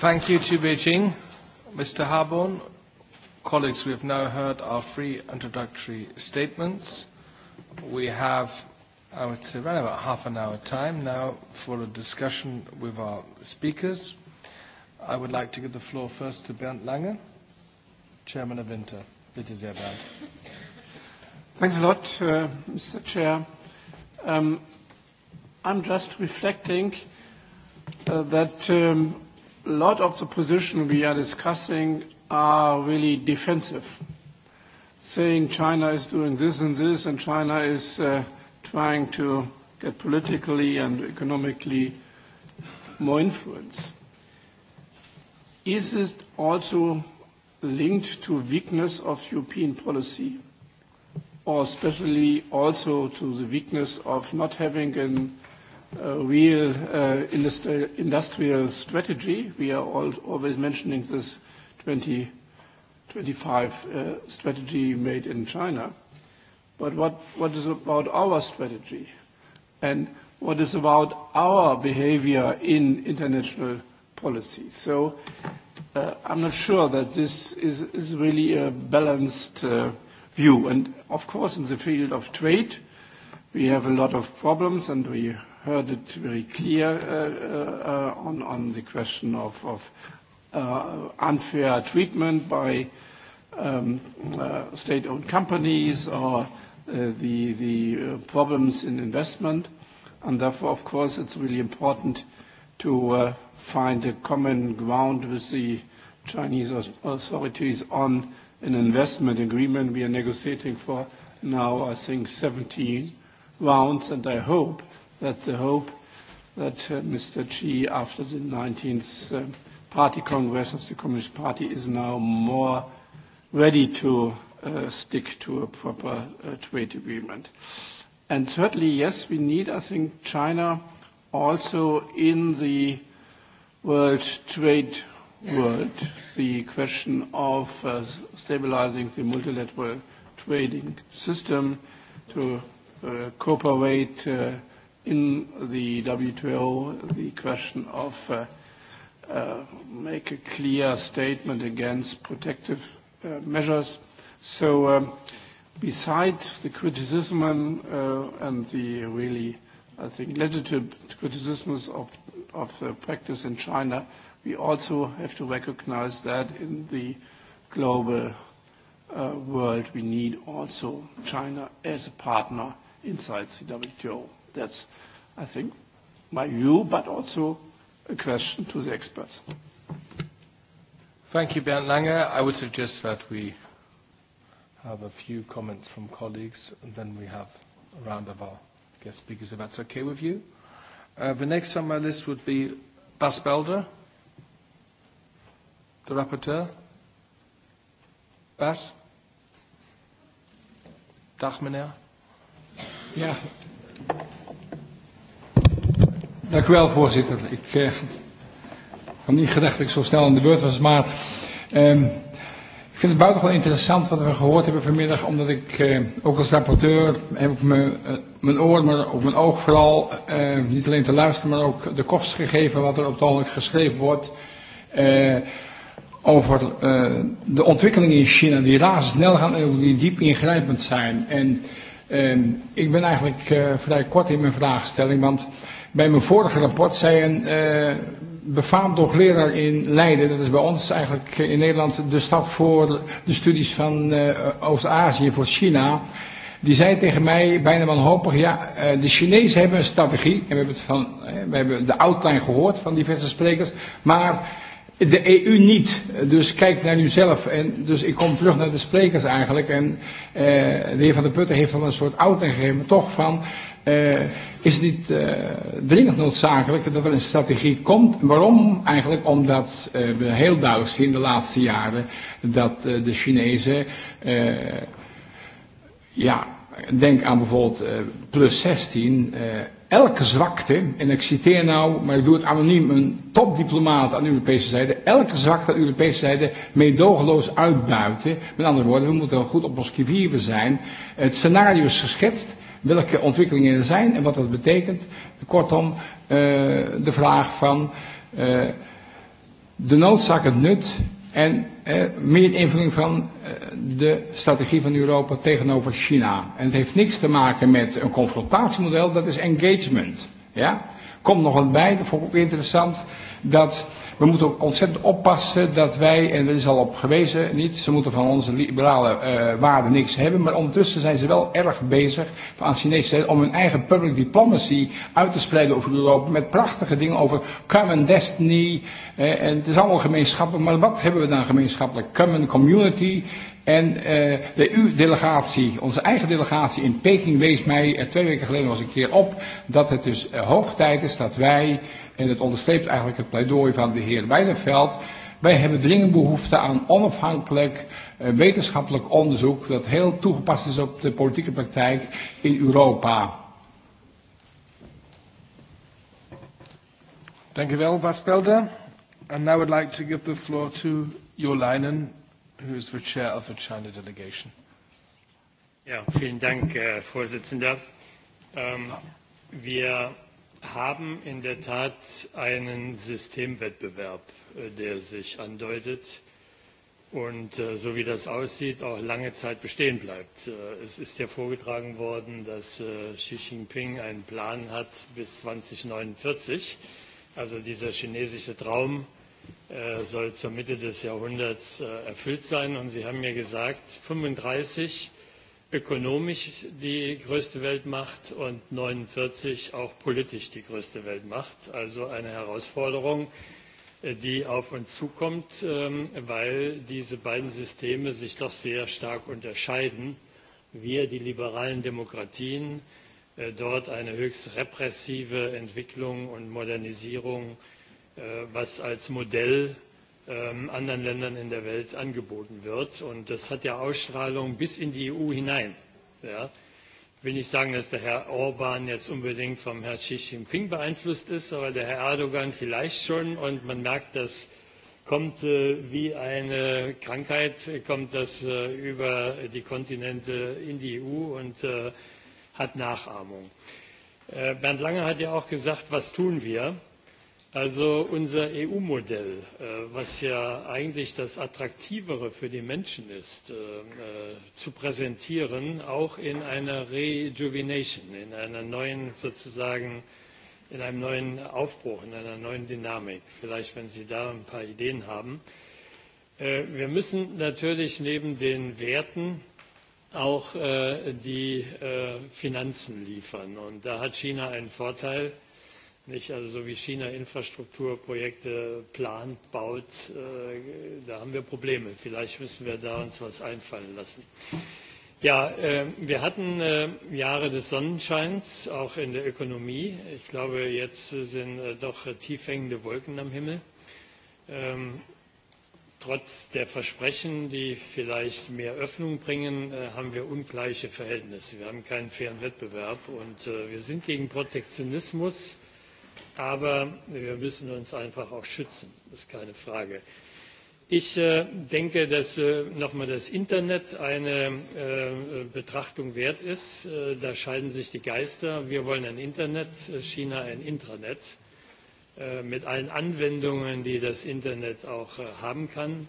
Thank you to Beijing. Mr. Harborn, colleagues, we have now heard our three introductory statements. We have, I would say, around about half an hour time now for a discussion with our speakers. I would like to give the floor first to Bernd Lange, Chairman of Inter. Bitte sehr, Bernd. Thanks a lot, uh, Mr. Chair. Um, I'm just reflecting uh, that um, a lot of the position we are discussing are really defensive, saying China is doing this and this, and China is uh, trying to get politically and economically more influence. Is this also linked to weakness of European policy, or especially also to the weakness of not having an Uh, real uh, uh, industrial strategy. We are always mentioning this 2025 strategy made in China. But what, is about our strategy? And what is about our behavior in international policy? So I'm not sure that this is, really a balanced view. And of course, in the field of trade, we have a lot of problems, and we heard it very clear uh, uh, on, on the question of, of uh, unfair treatment by um, uh, state-owned companies or uh, the, the uh, problems in investment. And therefore, of course, it's really important to uh, find a common ground with the Chinese authorities on an investment agreement. We are negotiating for now, I think, 17 rounds, and I hope That the hope that uh, Mr. Xi, after the 19th uh, Party Congress of the Communist Party, is now more ready to uh, stick to a proper uh, trade agreement. And certainly, yes, we need, I think, China also in the world trade world, the question of uh, stabilizing the multilateral trading system to uh, cooperate uh, in the WTO the question of uh, uh, make a clear statement against protective uh, measures. So um, besides the criticism uh, and the really, I think, legitimate criticisms of, of uh, practice in China, we also have to recognize that in the global uh, world, we need also China as a partner inside the WTO. That's, I think, my view, but also a question to the experts. Thank you, Bernd Lange. I would suggest that we have a few comments from colleagues, and then we have a round of our guest speakers, if that's okay with you. Uh, the next on my list would be Bas Belder, the rapporteur. Bas? Dag, meneer. Ja, Dank u wel, voorzitter. Ik eh, had niet gedacht dat ik zo snel aan de beurt was, maar eh, ik vind het buitengewoon interessant wat we gehoord hebben vanmiddag, omdat ik eh, ook als rapporteur heb ik me, uh, mijn oor, maar ook mijn oog vooral, uh, niet alleen te luisteren, maar ook de kost gegeven wat er op het ogenblik geschreven wordt. Uh, over uh, de ontwikkelingen in China die razendsnel gaan en die diep ingrijpend zijn. En Um, ik ben eigenlijk uh, vrij kort in mijn vraagstelling, want bij mijn vorige rapport zei een uh, befaamd hoogleraar in Leiden, dat is bij ons eigenlijk in Nederland de stad voor de studies van uh, Oost-Azië, voor China, die zei tegen mij bijna wanhopig, ja, uh, de Chinezen hebben een strategie, en we hebben, het van, uh, we hebben de outline gehoord van diverse sprekers, maar de EU niet. Dus kijk naar uzelf. En dus ik kom terug naar de sprekers eigenlijk. En uh, de heer Van der Putten heeft al een soort outline gegeven, toch van... Uh, is het niet uh, dringend noodzakelijk dat er een strategie komt? Waarom eigenlijk? Omdat uh, we heel duidelijk zien de laatste jaren dat uh, de Chinezen, uh, ja, denk aan bijvoorbeeld uh, plus 16, uh, elke zwakte, en ik citeer nou, maar ik doe het anoniem, een topdiplomaat aan de Europese zijde, elke zwakte aan de Europese zijde meedogenloos uitbuiten. Met andere woorden, we moeten goed op ons kivier zijn. Het scenario is geschetst, welke ontwikkelingen er zijn en wat dat betekent. Kortom, uh, de vraag van uh, de noodzaak, het nut En eh, meer invulling van eh, de strategie van Europa tegenover China. En het heeft niks te maken met een confrontatiemodel, dat is engagement. Ja? komt nog wat bij, dat vond ik ook interessant, dat we moeten ook ontzettend oppassen dat wij, en dat is al op gewezen, niet, ze moeten van onze liberale uh, waarden niks hebben, maar ondertussen zijn ze wel erg bezig aan Chinese tijd om hun eigen public diplomacy uit te spreiden over Europa met prachtige dingen over common destiny, uh, en het is allemaal gemeenschappelijk, maar wat hebben we dan gemeenschappelijk? Common community, En uh, de EU-delegatie, onze eigen delegatie in Peking, wees mij uh, twee weken geleden nog eens een keer op dat het dus uh, hoog tijd is dat wij, en het onderstreept eigenlijk het pleidooi van de heer Weidenveld, wij hebben dringend behoefte aan onafhankelijk uh, wetenschappelijk onderzoek dat heel toegepast is op de politieke praktijk in Europa. Dank u wel, Bas Belder. And now I'd like to give the floor to Jolijnen who is the chair of the China delegation. Ja, vielen Dank, Herr äh, Vorsitzender. Ähm, wir haben in der Tat einen Systemwettbewerb, äh, der sich andeutet und äh, so wie das aussieht, auch lange Zeit bestehen bleibt. Äh, es ist ja vorgetragen worden, dass äh, Xi Jinping einen Plan hat bis 2049. Also dieser chinesische Traum Äh, soll zur Mitte des Jahrhunderts äh, erfüllt sein. Und Sie haben mir gesagt, 35 ökonomisch die größte Weltmacht und 49 auch politisch die größte Weltmacht. Also eine Herausforderung, äh, die auf uns zukommt, ähm, weil diese beiden Systeme sich doch sehr stark unterscheiden. Wir, die liberalen Demokratien, dort eine höchst repressive Entwicklung und Modernisierung Äh, was als Modell ähm, anderen Ländern in der Welt angeboten wird. Und das hat ja Ausstrahlung bis in die EU hinein. Ja. Ich will nicht sagen, dass der Herr Orban jetzt unbedingt vom Herrn Xi Jinping beeinflusst ist, aber der Herr Erdogan vielleicht schon. Und man merkt, das kommt äh, wie eine Krankheit, kommt das äh, über die Kontinente in die EU und äh, hat Nachahmung. Äh, Bernd Lange hat ja auch gesagt, was tun wir? Also unser EU-Modell, äh, was ja eigentlich das Attraktivere für die Menschen ist, äh, äh, zu präsentieren, auch in einer Rejuvenation, in einer neuen sozusagen, in einem neuen Aufbruch, in einer neuen Dynamik. Vielleicht, wenn Sie da ein paar Ideen haben. Wir müssen natürlich neben den Werten auch die Finanzen liefern. Und da hat China einen Vorteil Nicht? Also so wie China Infrastrukturprojekte plant, baut, äh, da haben wir Probleme. Vielleicht müssen wir da uns was einfallen lassen. Ja, ähm, wir hatten äh, Jahre des Sonnenscheins, auch in der Ökonomie. Ich glaube, jetzt sind äh, doch tief hängende Wolken am Himmel. Ähm, trotz der Versprechen, die vielleicht mehr Öffnung bringen, haben wir ungleiche Verhältnisse. Wir haben keinen fairen Wettbewerb und wir sind gegen Protektionismus Aber wir müssen uns einfach auch schützen, das ist keine Frage. Ich äh, denke, dass äh, nochmal das Internet eine äh, Betrachtung wert ist. Äh, da scheiden sich die Geister. Wir wollen ein Internet, äh, China ein Intranet äh, mit allen Anwendungen, die das Internet auch äh, haben kann,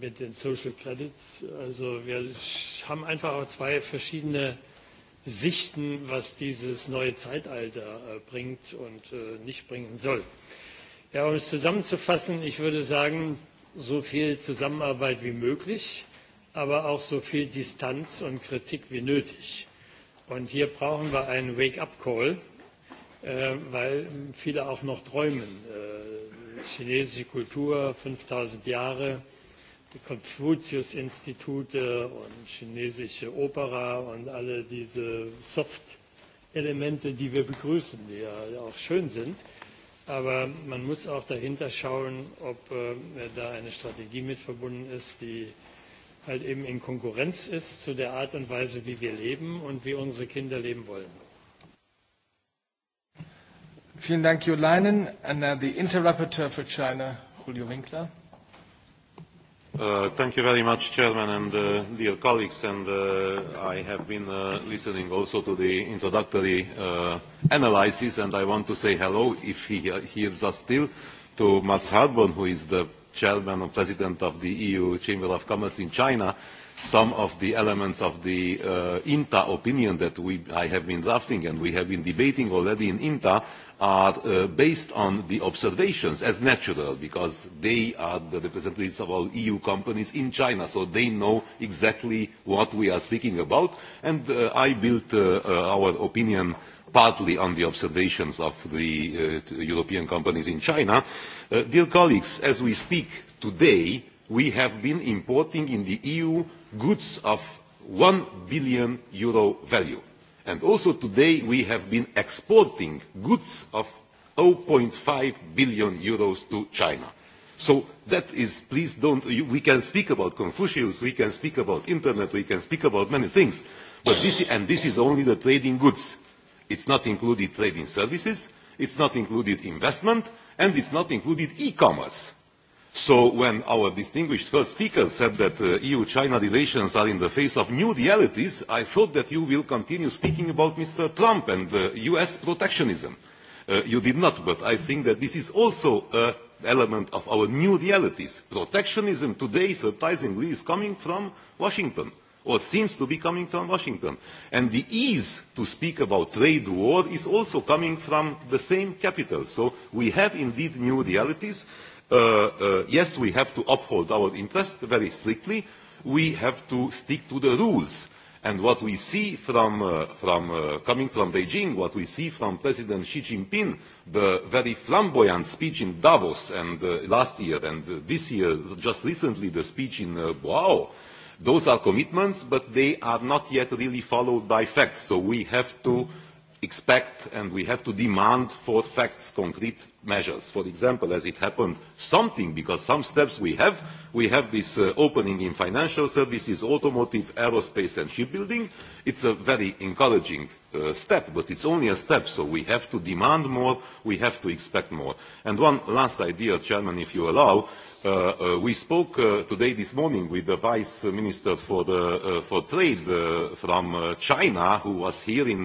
mit den Social Credits. Also wir haben einfach auch zwei verschiedene sichten, was dieses neue Zeitalter äh, bringt und äh, nicht bringen soll. Ja, um es zusammenzufassen, ich würde sagen, so viel Zusammenarbeit wie möglich, aber auch so viel Distanz und Kritik wie nötig. Und hier brauchen wir einen Wake-up-Call, äh, weil viele auch noch träumen. Chinesische Kultur, 5000 Jahre, Konfuzius-Institute und chinesische Opera und alle diese Soft-Elemente, die wir begrüßen, die ja auch schön sind. Aber man muss auch dahinter schauen, ob äh, da eine Strategie mit verbunden ist, die halt eben in Konkurrenz ist zu der Art und Weise, wie wir leben und wie unsere Kinder leben wollen. Vielen Dank, Jo Leinen. And now the Interrapporteur for China, Julio Winkler. Uh, thank you very much, Chairman, and uh, dear colleagues. And uh, I have been uh, listening also to the introductory uh, analysis, and I want to say hello, if he hears us still, to Mats Harbon, who is the Chairman and President of the EU Chamber of Commerce in China, some of the elements of the uh, INTA opinion that we, I have been drafting and we have been debating already in INTA are uh, based on the observations as natural because they are the representatives of all EU companies in China, so they know exactly what we are speaking about. And uh, I built uh, uh, our opinion partly on the observations of the uh, European companies in China. Uh, dear colleagues, as we speak today, we have been importing in the EU goods of 1 billion euro value. And also today we have been exporting goods of 0.5 billion euros to China. So that is, please don't, we can speak about Confucius, we can speak about internet, we can speak about many things, but this, and this is only the trading goods. It's not included trading services, it's not included investment, and it's not included e-commerce So when our distinguished first speaker said that uh, EU-China relations are in the face of new realities, I thought that you will continue speaking about Mr. Trump and uh, US protectionism. Uh, you did not, but I think that this is also an element of our new realities. Protectionism today, surprisingly, is coming from Washington or seems to be coming from Washington. And the ease to speak about trade war is also coming from the same capital. So we have indeed new realities. Uh, uh, yes, we have to uphold our interests very strictly. We have to stick to the rules. And what we see from, uh, from uh, coming from Beijing, what we see from President Xi Jinping, the very flamboyant speech in Davos and uh, last year and uh, this year, just recently the speech in uh, Boao, those are commitments, but they are not yet really followed by facts. So we have to. Mm-hmm expect and we have to demand for facts, concrete measures. For example, as it happened, something, because some steps we have, we have this uh, opening in financial services, automotive, aerospace and shipbuilding. It's a very encouraging uh, step, but it's only a step, so we have to demand more, we have to expect more. And one last idea, Chairman, if you allow, Uh, uh, we spoke uh, today this morning with the vice minister for, the, uh, for trade uh, from uh, china who was here in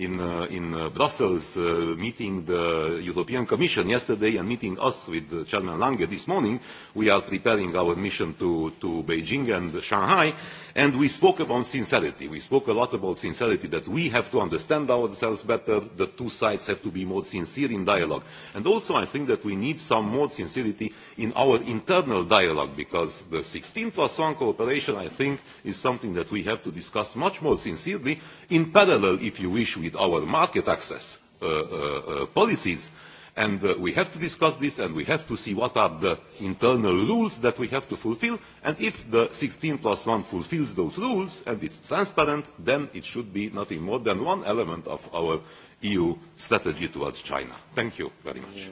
in, uh, in uh, Brussels uh, meeting the European Commission yesterday and meeting us with uh, Chairman Lange this morning. We are preparing our mission to, to Beijing and Shanghai And we spoke about sincerity. We spoke a lot about sincerity, that we have to understand ourselves better, the two sides have to be more sincere in dialogue. And also I think that we need some more sincerity in our internal dialogue, because the 16 plus 1 cooperation, I think, is something that we have to discuss much more sincerely, in parallel, if you wish, with our market access uh, uh, uh, policies And uh, we have to discuss this and we have to see what are the internal rules that we have to fulfill. And if the 16 plus 1 fulfills those rules and it's transparent, then it should be nothing more than one element of our EU strategy towards China. Thank you very much.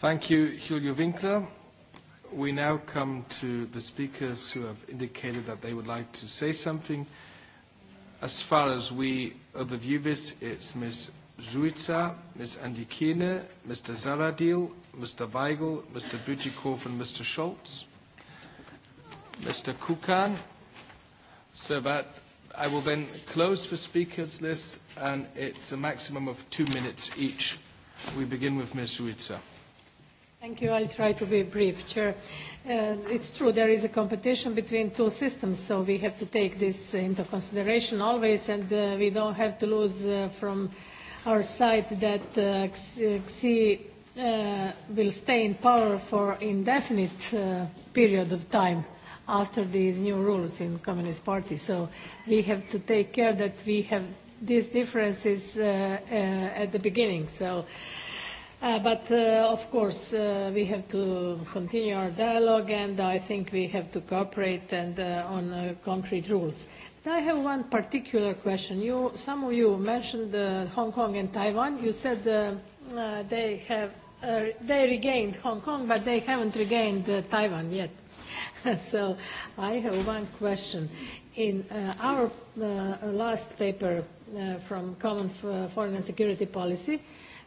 Thank you, Julio Winkler. We now come to the speakers who have indicated that they would like to say something. As far as we overview this, it's Ms. Suica, Ms. Andikine, Mr. Zaradil, Mr. Weigel, Mr. Bütikow and Mr. Schultz, Mr. Kukan. So that I will then close the speakers list and it's a maximum of two minutes each. We begin with Ms. Suica. Thank you. I'll try to be brief, Chair. Uh, it's true there is a competition between two systems, so we have to take this into consideration always, and uh, we don't have to lose uh, from uh, our side that uh, Xi uh, will stay in power for indefinite uh, period of time after these new rules in Communist Party. So we have to take care that we have these differences uh, uh, at the beginning. So, uh, but uh, of course uh, we have to continue our dialogue, and I think we have to cooperate and uh, on uh, concrete rules. Uh, i have one particular question. You, some of you mentioned uh, Hong Kong and Taiwan. You said uh, uh, they have uh, they regained Hong Kong, but they haven't regained uh, Taiwan yet. so I have one question. In uh, our uh, last paper uh, from Common F uh, Foreign and Security Policy,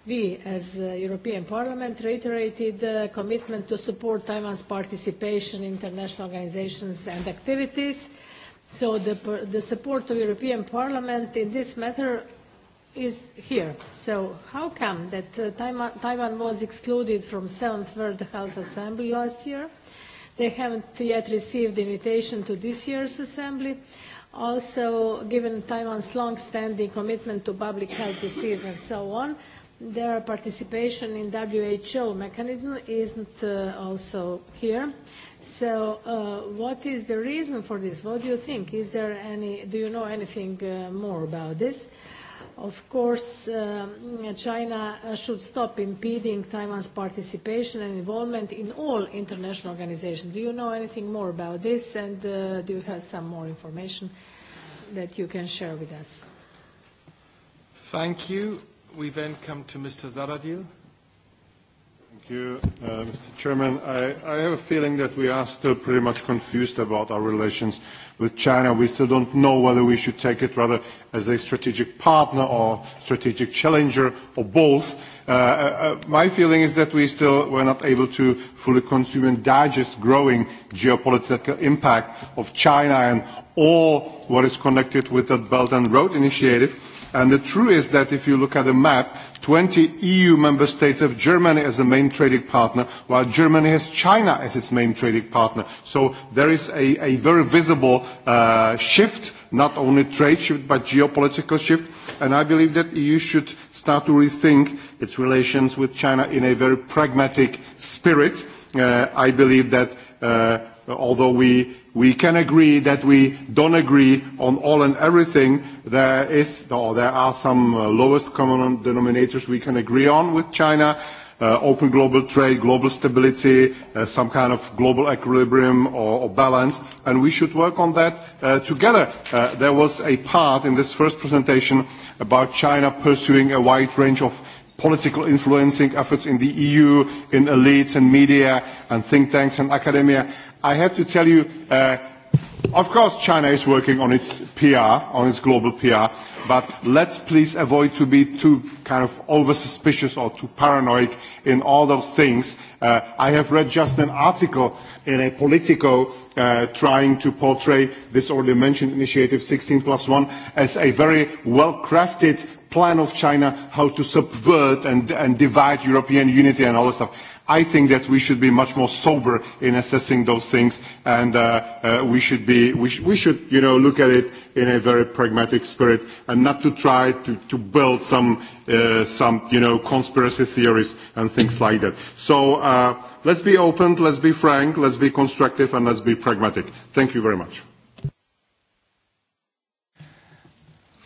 we as uh, European Parliament reiterated the commitment to support Taiwan's participation in international organizations and activities – So the, the support of European Parliament in this matter is here. So how come that uh, Taiwan, Taiwan was excluded from Seventh World Health Assembly last year? They haven't yet received invitation to this year's assembly. Also, given Taiwan's long-standing commitment to public health disease and so on, their participation in WHO mechanism isn't uh, also here. So uh, what is the reason for this? What do you think? Is there any, do you know anything uh, more about this? Of course, um, China uh, should stop impeding Taiwan's participation and involvement in all international organizations. Do you know anything more about this? And uh, do you have some more information that you can share with us? Thank you. We then come to Mr. Zaradil. Thank you, uh, Mr. Chairman. I, I have a feeling that we are still pretty much confused about our relations with China. We still don't know whether we should take it rather as a strategic partner or strategic challenger or both. Uh, uh, uh my feeling is that we still were not able to fully consume and digest growing geopolitical impact of China and all what is connected with the Belt and Road Initiative. And the truth is that if you look at the map, 20 EU member states have Germany as a main trading partner, while Germany has China as its main trading partner. So there is a, a very visible uh, shift, not only trade shift, but geopolitical shift. And I believe that EU should start to rethink its relations with China in a very pragmatic spirit. Uh, I believe that uh, although we We can agree that we don't agree on all and everything. There is, or there are some uh, lowest common denominators we can agree on with China. Uh, open global trade, global stability, uh, some kind of global equilibrium or, or balance, and we should work on that uh, together. Uh, there was a part in this first presentation about China pursuing a wide range of political influencing efforts in the EU, in elites and media and think tanks and academia. I have to tell you, uh, of course China is working on its PR, on its global PR, but let's please avoid to be too kind of over-suspicious or too paranoid in all those things. Uh, I have read just an article in a Politico uh, trying to portray this already mentioned initiative 16 plus 1 as a very well-crafted plan of China how to subvert and, and divide European unity and all that stuff. I think that we should be much more sober in assessing those things, and uh, uh, we should be we, sh- we should you know look at it in a very pragmatic spirit, and not to try to, to build some uh, some you know conspiracy theories and things like that. So uh, let's be open, let's be frank, let's be constructive, and let's be pragmatic. Thank you very much.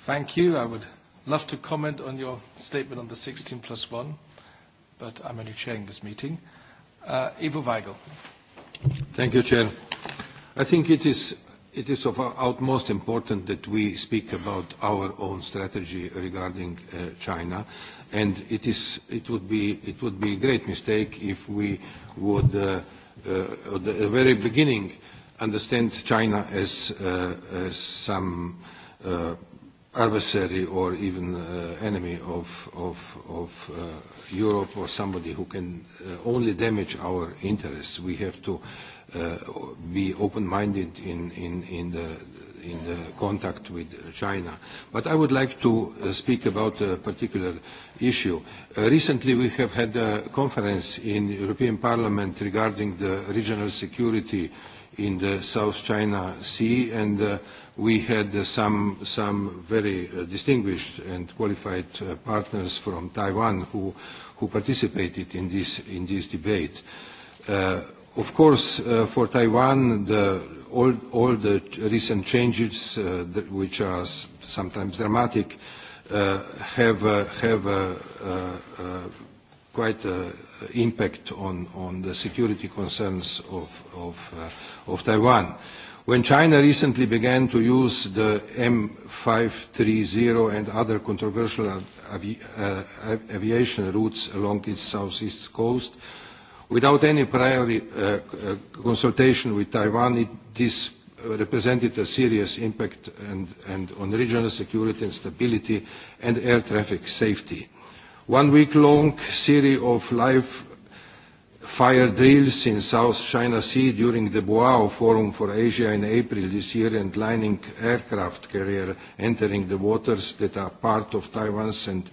Thank you. I would love to comment on your statement on the 16 plus one but I'm only chairing this meeting. Uh, Ivo Weigel. Thank you, Chair. I think it is, it is of utmost importance that we speak about our own strategy regarding uh, China, and it, is, it, would be, it would be a great mistake if we would, uh, uh, at the very beginning, understand China as, uh, as some uh, adversary or even uh, enemy of, of, of uh, Europe or somebody who can uh, only damage our interests. We have to uh, be open-minded in, in, in, the, in the contact with China. But I would like to uh, speak about a particular issue. Uh, recently we have had a conference in European Parliament regarding the regional security in the South China Sea and uh, we had uh, some, some very uh, distinguished and qualified uh, partners from Taiwan who, who participated in this, in this debate. Uh, of course, uh, for Taiwan, the, all, all the recent changes, uh, that, which are sometimes dramatic, uh, have, uh, have uh, uh, uh, quite an impact on, on the security concerns of, of, uh, of Taiwan. Uh, When China recently began to use the M530 and other controversial avi uh, aviation routes along its southeast coast, without any prior uh, uh, consultation with Taiwan, it, this uh, represented a serious impact and, and on regional security and stability and air traffic safety. One week-long series of live fire drills in South China Sea during the Boao Forum for Asia in April this year and lining aircraft carrier entering the waters that are part of Taiwan's and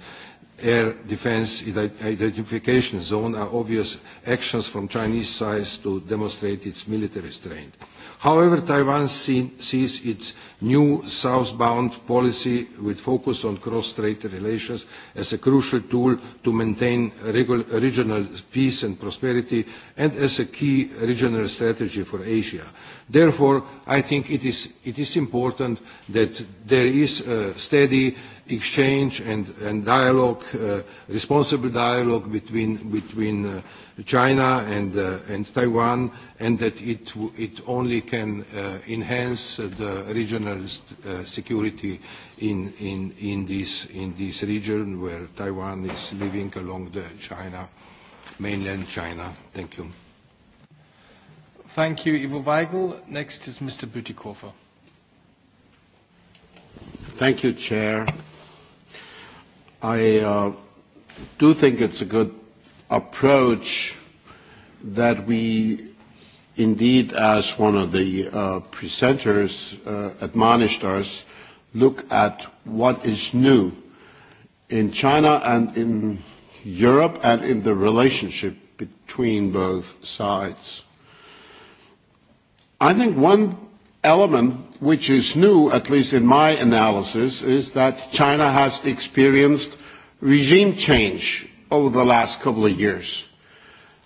air defense identification zone are obvious actions from Chinese side to demonstrate its military strength. However, Taiwan see, sees its new southbound policy with focus on cross-strait relations as a crucial tool to maintain regional peace and prosperity and as a key regional strategy for Asia. Therefore, I think it is, it is important that there is a steady exchange and, and dialogue, uh, responsible dialogue between, between uh, China and, uh, and Taiwan, and that it, it only can uh, enhance uh, the regional st uh, security in, in, in, this, in this region where Taiwan is living along the China, mainland China. Thank you. Thank you, Ivo Weigel. Next is Mr. Butikofer. Thank you, Chair. I uh, do think it's a good approach that we indeed, as one of the uh, presenters uh, admonished us, look at what is new in China and in Europe and in the relationship between both sides. I think one element which is new, at least in my analysis, is that China has experienced regime change over the last couple of years.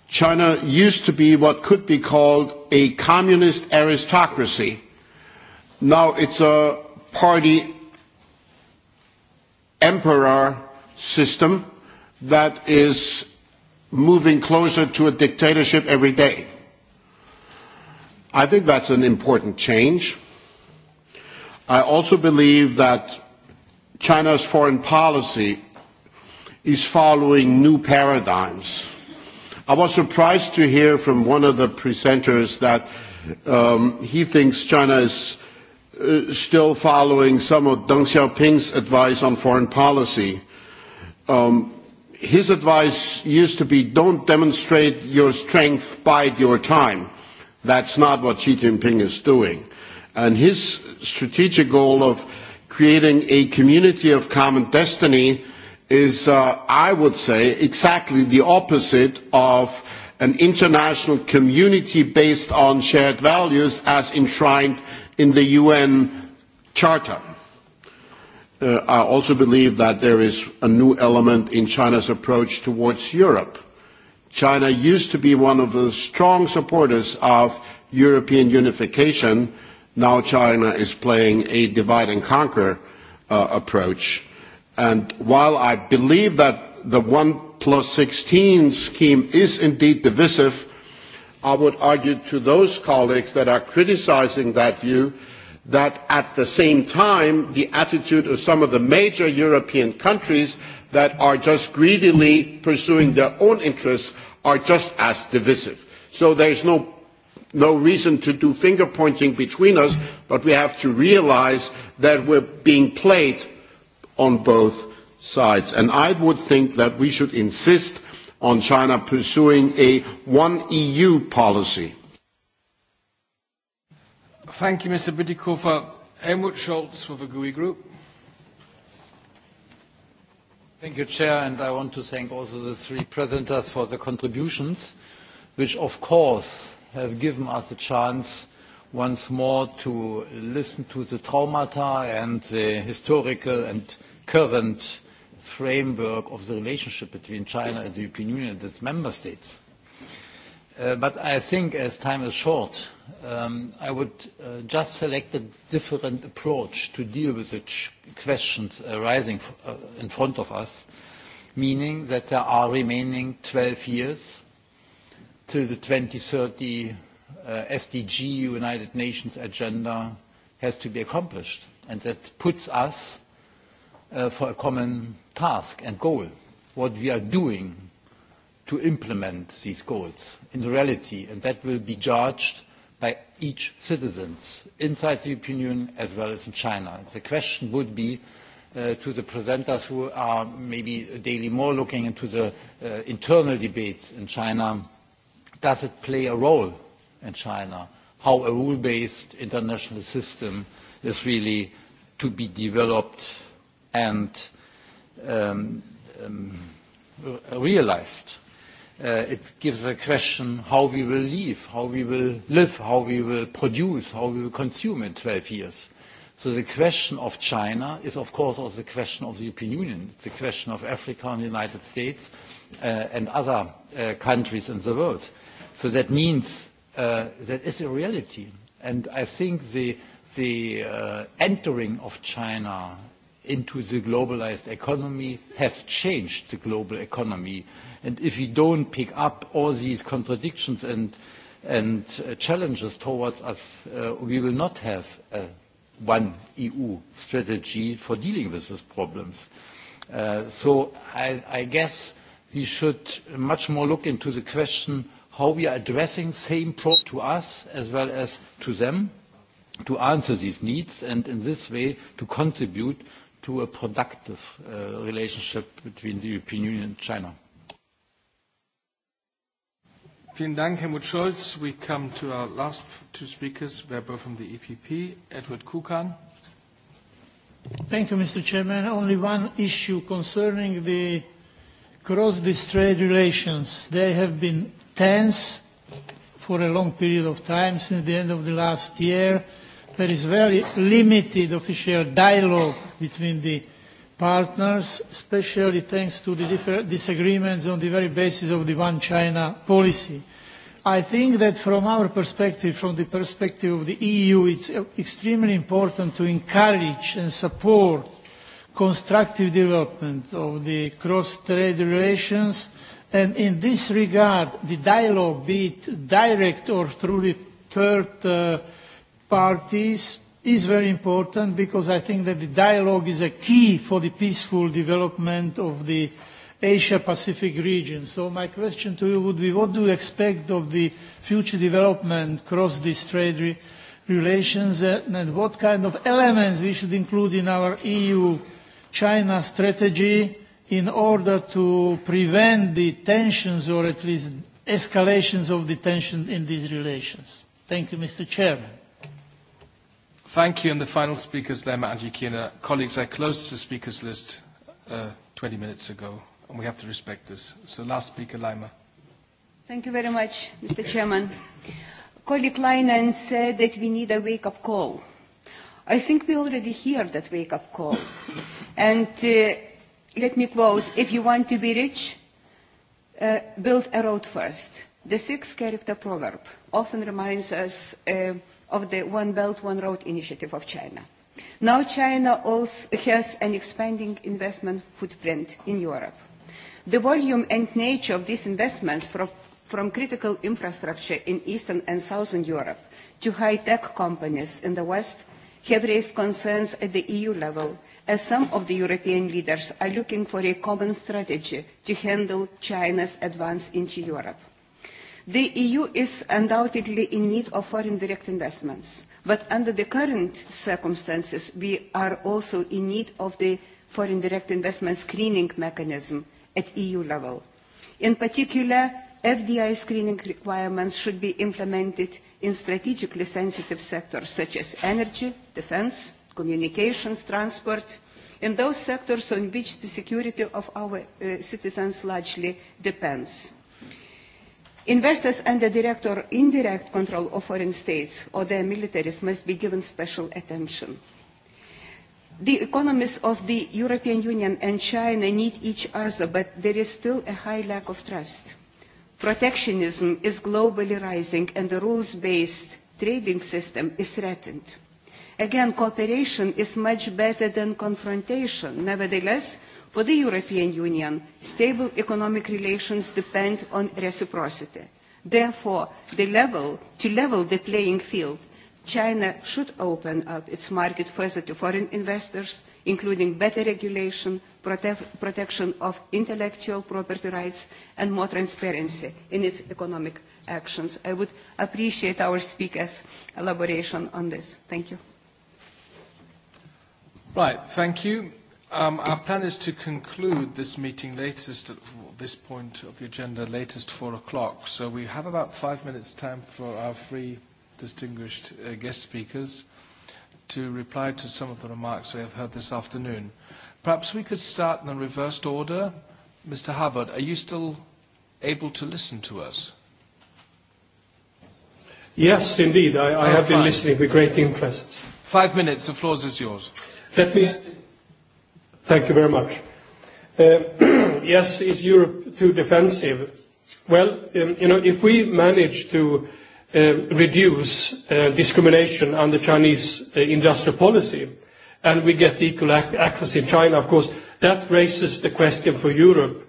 China used to be what could be called a communist aristocracy. Now it's a party emperor system that is moving closer to a dictatorship every day. I think that's an important change. I also believe that China's foreign policy is following new paradigms. I was surprised to hear from one of the presenters that um, he thinks China is uh, still following some of Deng Xiaoping's advice on foreign policy. Um, his advice used to be don't demonstrate your strength, bide your time That's not what Xi Jinping is doing. And his strategic goal of creating a community of common destiny is, uh, I would say, exactly the opposite of an international community based on shared values as enshrined in the UN Charter. Uh, I also believe that there is a new element in China's approach towards Europe China used to be one of the strong supporters of European unification. Now China is playing a divide and conquer uh, approach. And while I believe that the 1 plus 16 scheme is indeed divisive, I would argue to those colleagues that are criticizing that view that at the same time, the attitude of some of the major European countries that are just greedily pursuing their own interests are just as divisive. So there is no, no reason to do finger pointing between us, but we have to realize that we're being played on both sides. And I would think that we should insist on China pursuing a one EU policy. Thank you, Mr. Bütikofer. Helmut Schultz for the GUI Group. Thank you, Chair, and I want to thank also the three presenters for the contributions, which of course have given us a chance once more to listen to the traumata and the historical and current framework of the relationship between China and the European Union and its member states. Uh, but I think as time is short, Um, I would uh, just select a different approach to deal with the questions arising uh, in front of us, meaning that there are remaining 12 years till the 2030 uh, SDG United Nations agenda has to be accomplished. And that puts us uh, for a common task and goal, what we are doing to implement these goals in reality. And that will be judged by each citizen inside the European Union as well as in China. The question would be uh, to the presenters who are maybe daily more looking into the uh, internal debates in China, does it play a role in China? How a rule-based international system is really to be developed and um, um, realized. Uh, it gives a question how we will live, how we will live, how we will produce, how we will consume in 12 years. So the question of China is, of course, also the question of the European Union. It's a question of Africa and the United States uh, and other uh, countries in the world. So that means uh, that is a reality. And I think the, the uh, entering of China into the globalized economy has changed the global economy. Uh, And if we don't pick up all these contradictions and, and uh, challenges towards us, uh, we will not have a one EU strategy for dealing with these problems. Uh, so I, I guess we should much more look into the question how we are addressing same problems to us as well as to them to answer these needs and in this way to contribute to a productive uh, relationship between the European Union and China. Vielen Dank, Helmut Scholz. We come to our last two speakers. They're both from the EPP. Edward Kukan. Thank you, Mr. Chairman. Only one issue concerning the cross-these trade relations. They have been tense for a long period of time since the end of the last year. There is very limited official dialogue between the partners, especially thanks to the disagreements on the very basis of the One China policy. I think that from our perspective, from the perspective of the EU, it's extremely important to encourage and support constructive development of the cross-trade relations. And in this regard, the dialogue, be it direct or through the third uh, parties, is very important because I think that the dialogue is a key for the peaceful development of the Asia-Pacific region. So my question to you would be, what do you expect of the future development across these trade re relations and, and what kind of elements we should include in our EU-China strategy in order to prevent the tensions or at least escalations of the tensions in these relations? Thank you, Mr. Chairman. Thank you. And the final speaker is Lema Andrikina. Colleagues, I closed the speakers list uh, 20 minutes ago, and we have to respect this. So last speaker, Lema. Thank you very much, Mr. Chairman. Colleague Leinen said that we need a wake-up call. I think we already hear that wake-up call. And uh, let me quote, if you want to be rich, uh, build a road first. The sixth character proverb often reminds us uh, of the One Belt, One Road initiative of China. Now China also has an expanding investment footprint in Europe. The volume and nature of these investments from, from critical infrastructure in Eastern and Southern Europe to high-tech companies in the West have raised concerns at the EU level, as some of the European leaders are looking for a common strategy to handle China's advance into Europe. The EU is undoubtedly in need of foreign direct investments, but under the current circumstances, we are also in need of the foreign direct investment screening mechanism at EU level. In particular, FDI screening requirements should be implemented in strategically sensitive sectors such as energy, defence, communications, transport, in those sectors on which the security of our uh, citizens largely depends. Investors under direct or indirect control of foreign states or their militaries must be given special attention. The economies of the European Union and China need each other, but there is still a high lack of trust. Protectionism is globally rising and the rules-based trading system is threatened. Again, cooperation is much better than confrontation. Nevertheless, For the European Union, stable economic relations depend on reciprocity. Therefore, the level, to level the playing field, China should open up its market further to foreign investors, including better regulation, protect, protection of intellectual property rights, and more transparency in its economic actions. I would appreciate our speaker's elaboration on this. Thank you. Right, thank you. Um, our plan is to conclude this meeting latest at this point of the agenda, latest four o'clock. So we have about five minutes time for our three distinguished uh, guest speakers to reply to some of the remarks we have heard this afternoon. Perhaps we could start in the reversed order. Mr. Hubbard, are you still able to listen to us? Yes, indeed. I, I oh, have fine. been listening with great interest. Five minutes. The floor is yours. Let me Thank you very much. Uh, yes, is Europe too defensive? Well, um, you know, if we manage to uh, reduce uh, discrimination under Chinese uh, industrial policy, and we get equal ac access in China, of course, that raises the question for Europe,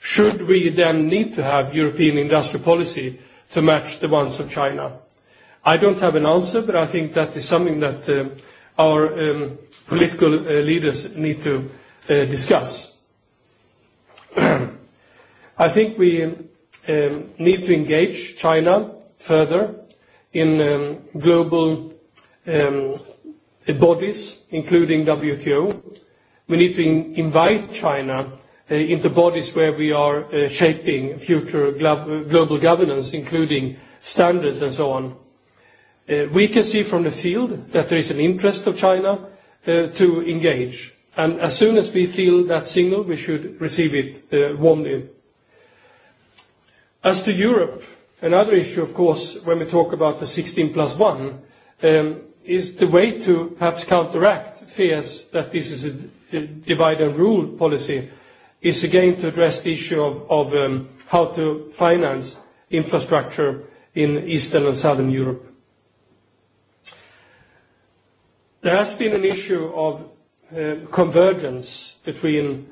should we then need to have European industrial policy to match the ones of China? I don't have an answer, but I think that is something that uh, our um, political uh, leaders need to uh, discuss. I think we um, um, need to engage China further in um, global um, bodies, including WTO. We need to in invite China uh, into bodies where we are uh, shaping future glo global governance, including standards and so on. Uh, we can see from the field that there is an interest of China Uh, to engage. And as soon as we feel that signal, we should receive it uh, warmly. As to Europe, another issue, of course, when we talk about the 16 plus one, um, is the way to perhaps counteract fears that this is a, divide and rule policy is again to address the issue of, um, how to finance infrastructure in Eastern and Southern Europe. There has been an issue of uh, convergence between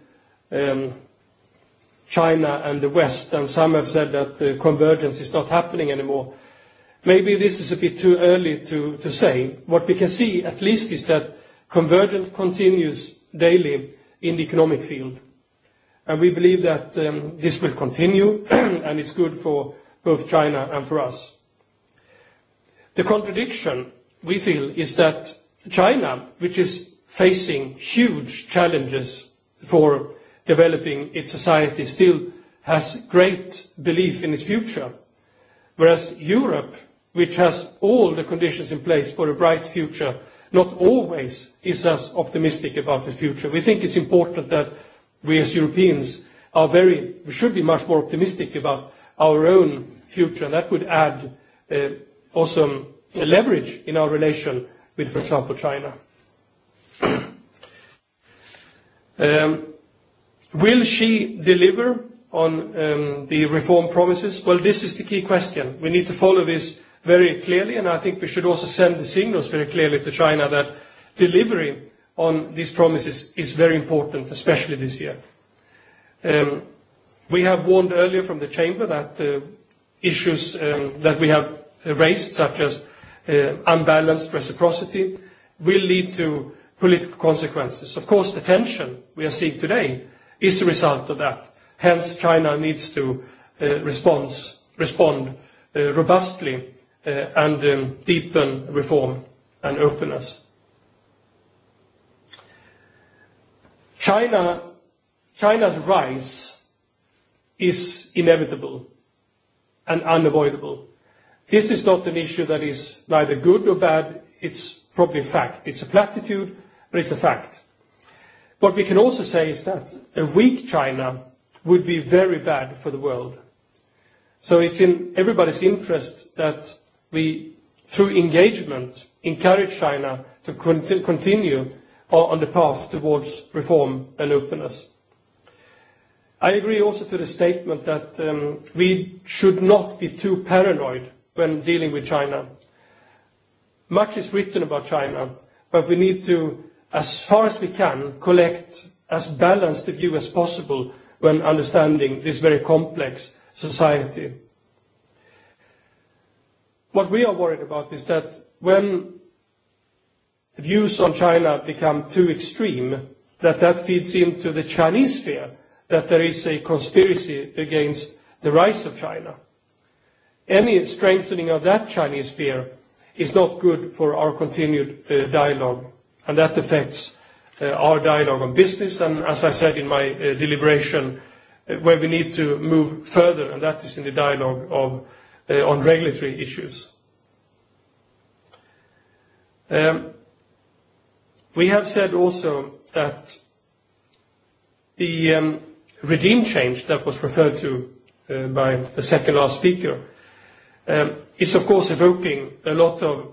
um, China and the West, and some have said that the convergence is not happening anymore. Maybe this is a bit too early to, to say. What we can see, at least, is that convergence continues daily in the economic field. And we believe that um, this will continue, and it's good for both China and for us. The contradiction, we feel, is that China, which is facing huge challenges for developing its society, still has great belief in its future. Whereas Europe, which has all the conditions in place for a bright future, not always is as optimistic about the future. We think it's important that we as Europeans are very, we should be much more optimistic about our own future, and that would add uh, also awesome leverage in our relation with, for example, China. um, will she deliver on um, the reform promises? Well, this is the key question. We need to follow this very clearly, and I think we should also send the signals very clearly to China that delivery on these promises is very important, especially this year. Um, we have warned earlier from the chamber that uh, issues um, that we have raised, such as uh, unbalanced reciprocity will lead to political consequences. Of course, the tension we are seeing today is a result of that. Hence, China needs to uh, response, respond uh, robustly uh, and um, deepen reform and openness. China, China's rise is inevitable and unavoidable This is not an issue that is neither good or bad. It's probably a fact. It's a platitude, but it's a fact. What we can also say is that a weak China would be very bad for the world. So It's in everybody's interest that we, through engagement, encourage China to continue on the path towards reform and openness. I agree also to the statement that um, we should not be too paranoid when dealing with China. Much is written about China, but we need to, as far as we can, collect as balanced a view as possible when understanding this very complex society. What we are worried about is that when views on China become too extreme, that that feeds into the Chinese fear that there is a conspiracy against the rise of China. Any strengthening of that Chinese fear is not good for our continued uh, dialogue, and that affects uh, our dialogue on business and, as I said in my uh, deliberation, uh, where we need to move further, and that is in the dialogue of, uh, on regulatory issues. Um, we have said also that the um, regime change that was referred to uh, by the second last speaker um, ehm, is of course evoking a lot of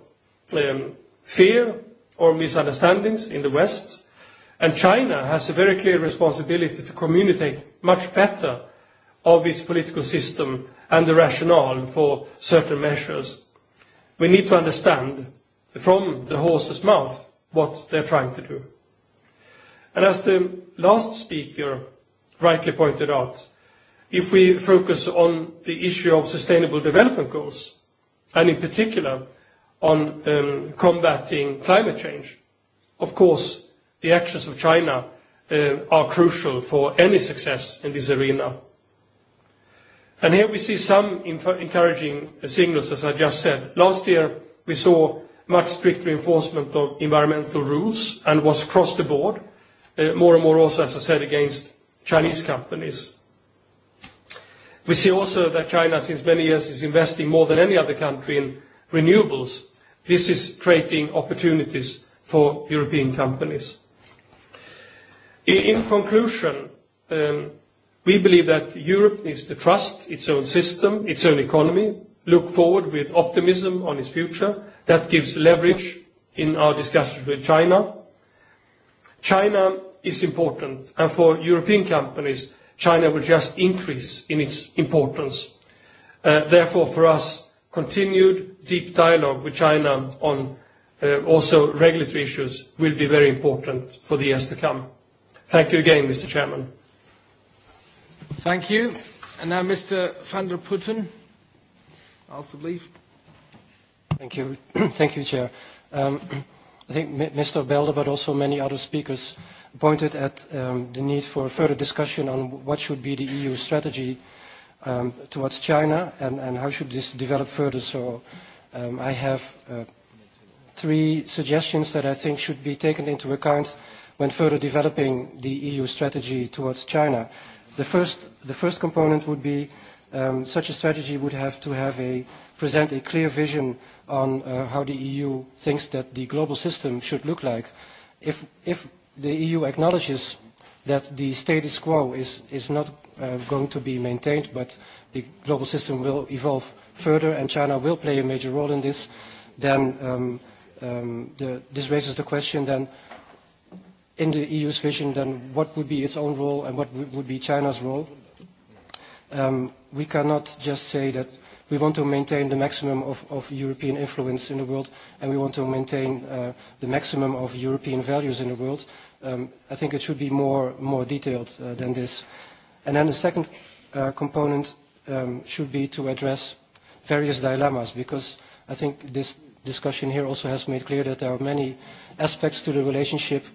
um, fear or misunderstandings in the West. And China has a very clear responsibility to communicate much better of its political system and the rationale for certain measures. We need to understand from the horse's mouth what they're trying to do. And as the last speaker rightly pointed out, if we focus on the issue of sustainable development goals, and in particular on um, combating climate change, of course, the actions of China uh, are crucial for any success in this arena. And Here we see some encouraging signals, as I just said. Last year, we saw much stricter enforcement of environmental rules and was across the board, uh, more and more also, as I said, against Chinese companies. We see also that China, since many years, is investing more than any other country in renewables. This is creating opportunities for European companies. In conclusion, um, we believe that Europe needs to trust its own system, its own economy, look forward with optimism on its future. That gives leverage in our discussions with China. China is important, and for European companies, China will just increase in its importance. Uh, therefore, for us, continued deep dialogue with China on uh, also regulatory issues will be very important for the years to come. Thank you again, Mr. Chairman. Thank you. And now Mr. van der Putten, also leave. Thank you. Thank you, Chair. Um, I think Mr. Belder, but also many other speakers, pointed at um, the need for further discussion on what should be the EU strategy um, towards China and, and how should this develop further. So um, I have uh, three suggestions that I think should be taken into account when further developing the EU strategy towards China. The first, the first component would be um, such a strategy would have to have a, present a clear vision on uh, how the EU thinks that the global system should look like. If, if the EU acknowledges that the status quo is, is not uh, going to be maintained, but the global system will evolve further and China will play a major role in this, then um, um, the, this raises the question then in the EU's vision, then what would be its own role and what would be China's role? Um, we cannot just say that we want to maintain the maximum of, of European influence in the world and we want to maintain uh, the maximum of European values in the world. Um, I think it should be more, more detailed uh, than this. And then the second uh, component um, should be to address various dilemmas because I think this discussion here also has made clear that there are many aspects to the relationship.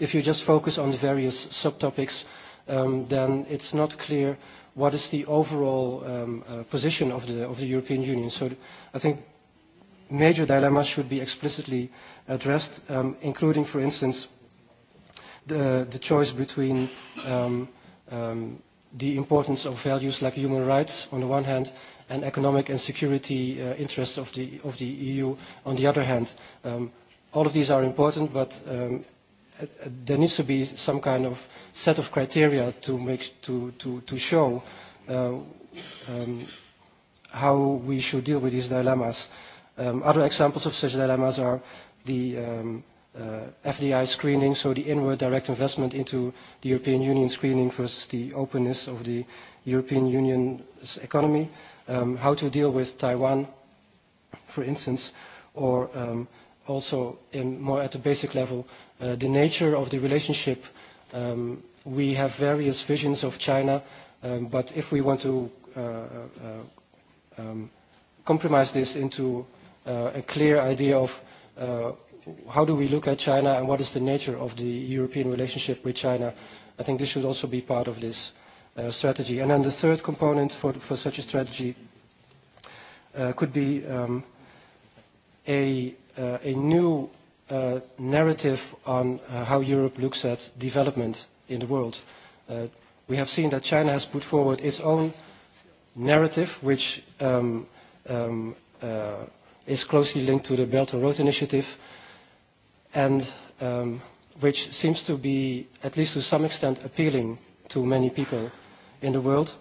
If you just focus on the various subtopics, um, then it's not clear what is the overall um, uh, position of the, of the European Union. So I think major dilemmas should be explicitly addressed, um, including, for instance, the, the choice between um, um, the importance of values like human rights on the one hand and economic and security uh, interests of the, of the EU on the other hand. Um, all of these are important, but um, there needs to be some kind of set of criteria to make to to to show uh, um, how we should deal with these dilemmas. Um, other examples of such dilemmas are the um, uh, FDI screening, so the inward direct investment into the European Union screening versus the openness of the European Union's economy, um, how to deal with Taiwan, for instance, or um, also in more at the basic level, uh, the nature of the relationship. Um, we have various visions of China, um, but if we want to uh, uh, um, compromise this into uh, a clear idea of uh, how do we look at China and what is the nature of the European relationship with China, I think this should also be part of this uh, strategy. And then the third component for, for such a strategy uh, could be um, a, uh, a new uh, narrative on uh, how Europe looks at development in the world. Uh, we have seen that China has put forward its own narrative, which um, um, uh, is closely linked to the Belt and Road Initiative, and um, which seems to be, at least to some extent, appealing to many people in the world.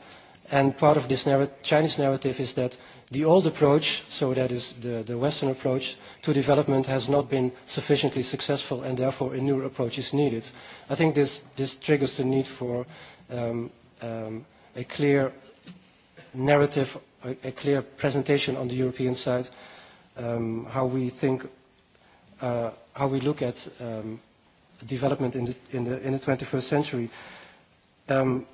And part of this narr Chinese narrative is that The old approach, so that is the, the Western approach to development, has not been sufficiently successful, and therefore a new approach is needed. I think this, this triggers the need for um, um, a clear narrative, a, a clear presentation on the European side, um, how we think, uh, how we look at um, development in the, in, the, in the 21st century. Um,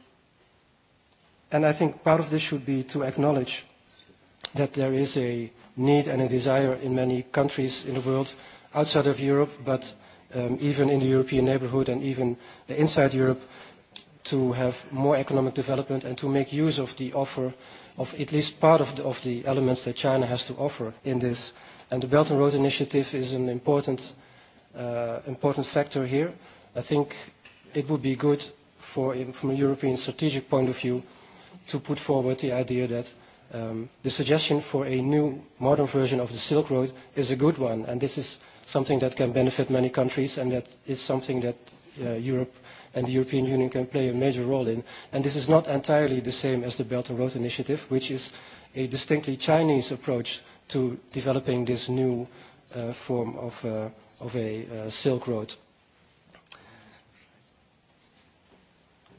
and I think part of this should be to acknowledge that there is a need and a desire in many countries in the world outside of Europe, but um, even in the European neighborhood and even inside Europe, to have more economic development and to make use of the offer of at least part of the, of the elements that China has to offer in this. And the Belt and Road Initiative is an important, uh, important factor here. I think it would be good for, from a European strategic point of view to put forward the idea that Um, the suggestion for a new modern version of the Silk Road is a good one, and this is something that can benefit many countries, and that is something that uh, Europe and the European Union can play a major role in. And this is not entirely the same as the Belt and Road Initiative, which is a distinctly Chinese approach to developing this new uh, form of, uh, of a uh, Silk Road.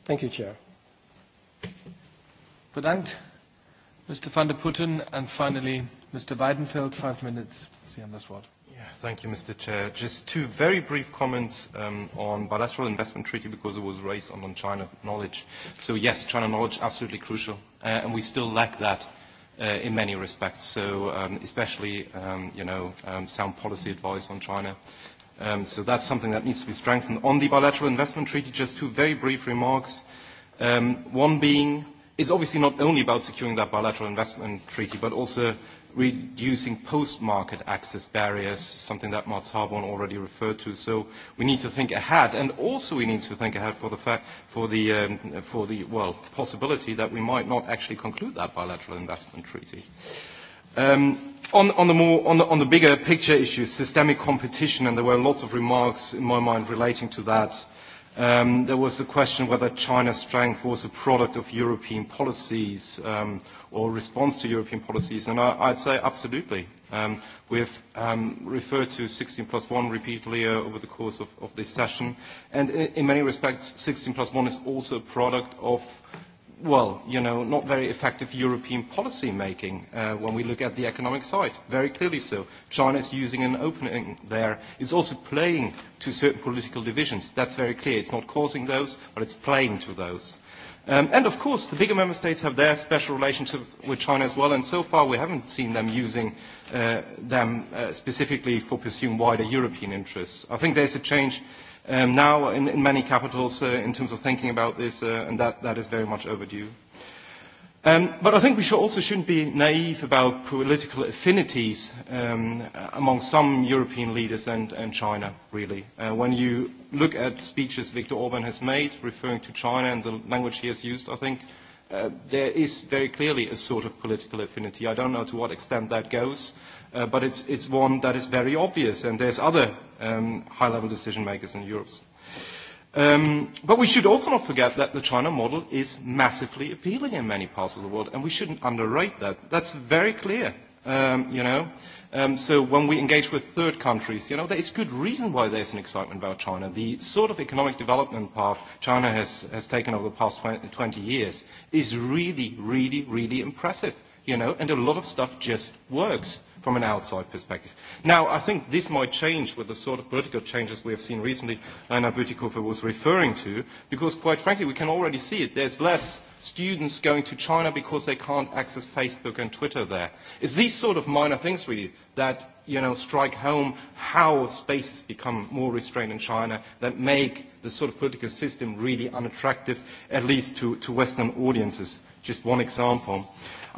Thank you, Chair. Bedankt. Mr. van der Putten, and finally, Mr. Weidenfeld, five minutes. See on this Wort. Yeah, thank you, Mr. Chair. Just two very brief comments um, on bilateral investment treaty because it was raised on, on China knowledge. So yes, China knowledge absolutely crucial, uh, and we still lack that uh, in many respects. So um, especially, um, you know, um, sound policy advice on China. Um, so that's something that needs to be strengthened. On the bilateral investment treaty, just two very brief remarks. Um, one being It's obviously not only about securing that bilateral investment treaty, but also reducing post-market access barriers, something that Mats Harborn already referred to. So we need to think ahead, and also we need to think ahead for the fact, for the, um, for the well, possibility that we might not actually conclude that bilateral investment treaty. Um, on, on, the more, on, the, on the bigger picture issues, systemic competition, and there were lots of remarks in my mind relating to that Um, there was the question whether China's strength was a product of European policies um, or response to European policies, and I, I'd say absolutely. Um, we've um, referred to 16 plus 1 repeatedly uh, over the course of, of this session, and in, in many respects, 16 plus 1 is also a product of well, you know, not very effective European policy making uh, when we look at the economic side, very clearly so. China is using an opening there. It's also playing to certain political divisions. That's very clear. It's not causing those, but it's playing to those. Um, and of course, the bigger member states have their special relationship with China as well, and so far we haven't seen them using uh, them uh, specifically for pursuing wider European interests. I think there's a change um, now in, in many capitals uh, in terms of thinking about this, uh, and that, that is very much overdue. Um, but I think we should also shouldn't be naive about political affinities um, among some European leaders and, and China, really. Uh, when you look at speeches Viktor Orban has made referring to China and the language he has used, I think uh, there is very clearly a sort of political affinity. I don't know to what extent that goes. Uh, Uh, but it's, it's one that is very obvious, and there's other um, high-level decision makers in Europe. Um, but we should also not forget that the China model is massively appealing in many parts of the world, and we shouldn't underrate that. That's very clear, um, you know. Um, so when we engage with third countries, you know, there is good reason why there's an excitement about China. The sort of economic development path China has, has taken over the past 20 years is really, really, really impressive you know, and a lot of stuff just works from an outside perspective. Now, I think this might change with the sort of political changes we have seen recently Lena Butikova was referring to, because quite frankly, we can already see it. There's less students going to China because they can't access Facebook and Twitter there. It's these sort of minor things, really, that you know, strike home how spaces become more restrained in China that make the sort of political system really unattractive, at least to, to Western audiences. Just one example.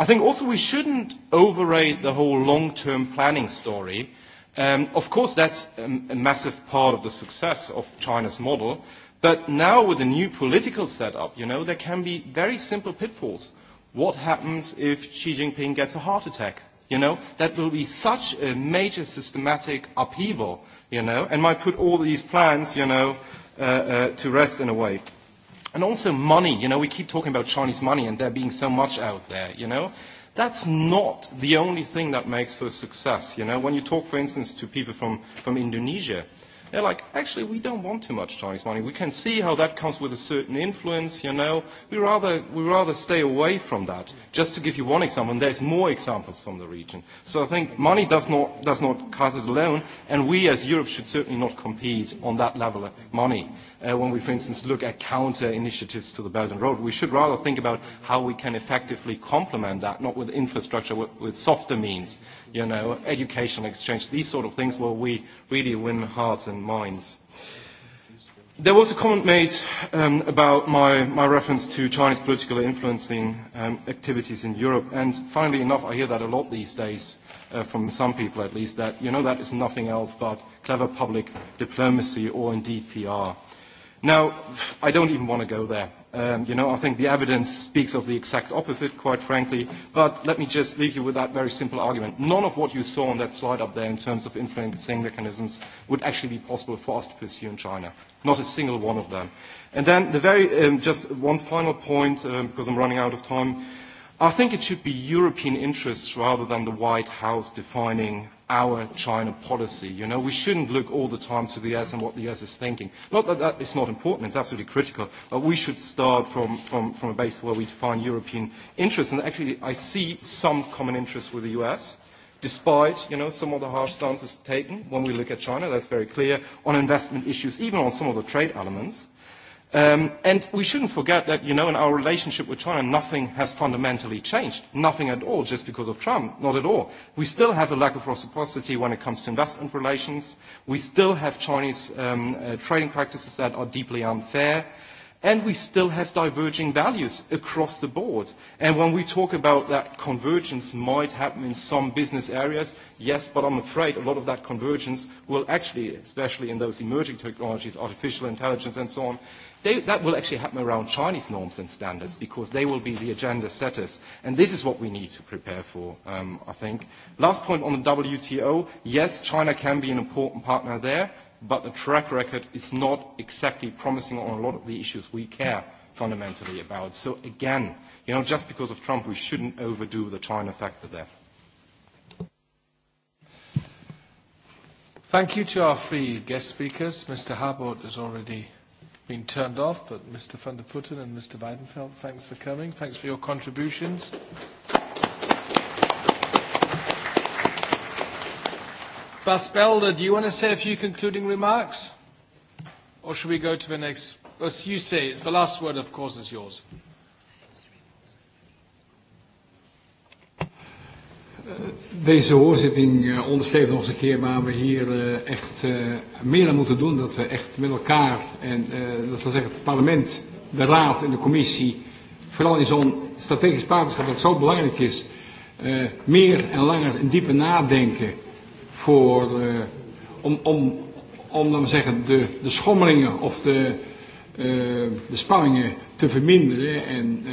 I think also we shouldn't overrate the whole long-term planning story. Um, of course, that's a, a massive part of the success of China's model. But now with the new political setup, you know, there can be very simple pitfalls. What happens if Xi Jinping gets a heart attack? You know, that will be such a major systematic upheaval, you know, and might put all these plans, you know, uh, uh, to rest in a way. And also money, you know, we keep talking about Chinese money and there being so much out there, you know. That's not the only thing that makes a success, you know. When you talk, for instance, to people from, from Indonesia, They're like, actually, we don't want too much Chinese money. We can see how that comes with a certain influence, you know. We rather, we rather stay away from that. Just to give you one example, and there's more examples from the region. So I think money does not, does not cut it alone, and we as Europe should certainly not compete on that level of money. Uh, when we, for instance, look at counter initiatives to the Belt and Road, we should rather think about how we can effectively complement that, not with infrastructure, with, with softer means, you know, educational exchange, these sort of things where we really win hearts and minds. There was a comment made um, about my, my reference to Chinese political influencing um, activities in Europe, and finally enough, I hear that a lot these days uh, from some people at least, that, you know, that is nothing else but clever public diplomacy or indeed PR. Now, I don't even want to go there. Um, you know, I think the evidence speaks of the exact opposite, quite frankly. But let me just leave you with that very simple argument. None of what you saw on that slide up there in terms of influencing mechanisms would actually be possible for us to pursue in China. Not a single one of them. And then the very, um, just one final point, um, because I'm running out of time. I think it should be European interests rather than the White House defining our China policy. You know, we shouldn't look all the time to the US and what the US is thinking. Not that that is not important, it's absolutely critical, but we should start from, from, from a base where we define European interests. And actually, I see some common interests with the US, despite, you know, some of the harsh stances taken when we look at China, that's very clear, on investment issues, even on some of the trade elements. Um, and we shouldn't forget that, you know, in our relationship with China, nothing has fundamentally changed. Nothing at all just because of Trump. Not at all. We still have a lack of reciprocity when it comes to investment relations. We still have Chinese um, uh, trading practices that are deeply unfair. And we still have diverging values across the board. And when we talk about that convergence might happen in some business areas, yes, but I'm afraid a lot of that convergence will actually, especially in those emerging technologies, artificial intelligence and so on, They, that will actually happen around Chinese norms and standards because they will be the agenda setters. And this is what we need to prepare for, um, I think. Last point on the WTO. Yes, China can be an important partner there, but the track record is not exactly promising on a lot of the issues we care fundamentally about. So again, you know, just because of Trump, we shouldn't overdo the China factor there. Thank you to our three guest speakers. Mr. Harbord has already been turned off, but Mr. van der Putten and Mr. Weidenfeld, thanks for coming. Thanks for your contributions. Bas Belder, do you want to say a few concluding remarks? Or should we go to the next? As you say, it's the last word, of course, is yours. deze hoorzitting eh, onderstreept nog eens een keer waar we hier eh, echt eh, meer aan moeten doen. Dat we echt met elkaar, en dat wil zeggen het parlement, de raad en de commissie, vooral in zo'n strategisch partnerschap dat zo belangrijk is, meer en langer en dieper nadenken voor, om, om, om dan zeggen, de, de schommelingen of de, de spanningen te verminderen en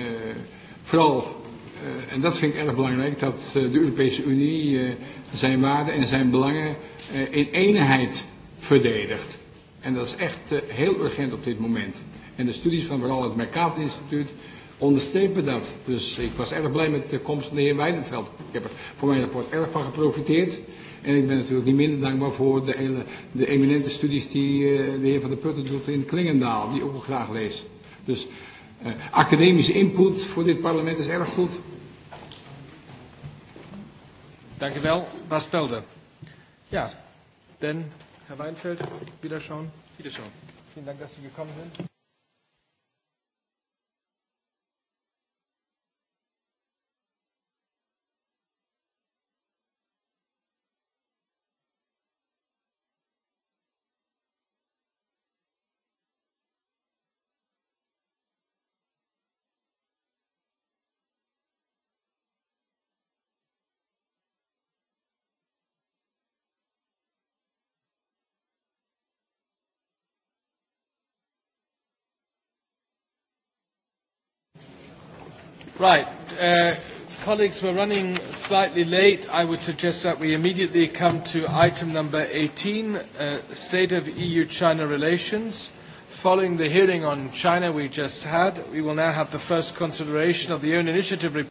vooral uh, en dat vind ik erg belangrijk, dat uh, de Europese Unie uh, zijn waarden en zijn belangen uh, in eenheid verdedigt. En dat is echt uh, heel urgent op dit moment. En de studies van vooral het Mercator Instituut onderstrepen dat. Dus ik was erg blij met de komst van de heer Weidenveld. Ik heb er voor mijn rapport erg van geprofiteerd. En ik ben natuurlijk niet minder dankbaar voor de, hele, de eminente studies die uh, de heer Van der Putten doet in Klingendaal, die ik ook graag lees. Dus uh, academische input voor dit parlement is erg goed. Dank u wel. Bas Pelde. Ja, denn Herr Weinfeld, Wiederschauen. Wiederschauen. Vielen Dank, dass Sie gekommen sind. Right. Uh, colleagues, we're running slightly late. I would suggest that we immediately come to item number 18, uh, State of EU-China Relations. Following the hearing on China we just had, we will now have the first consideration of the own initiative report.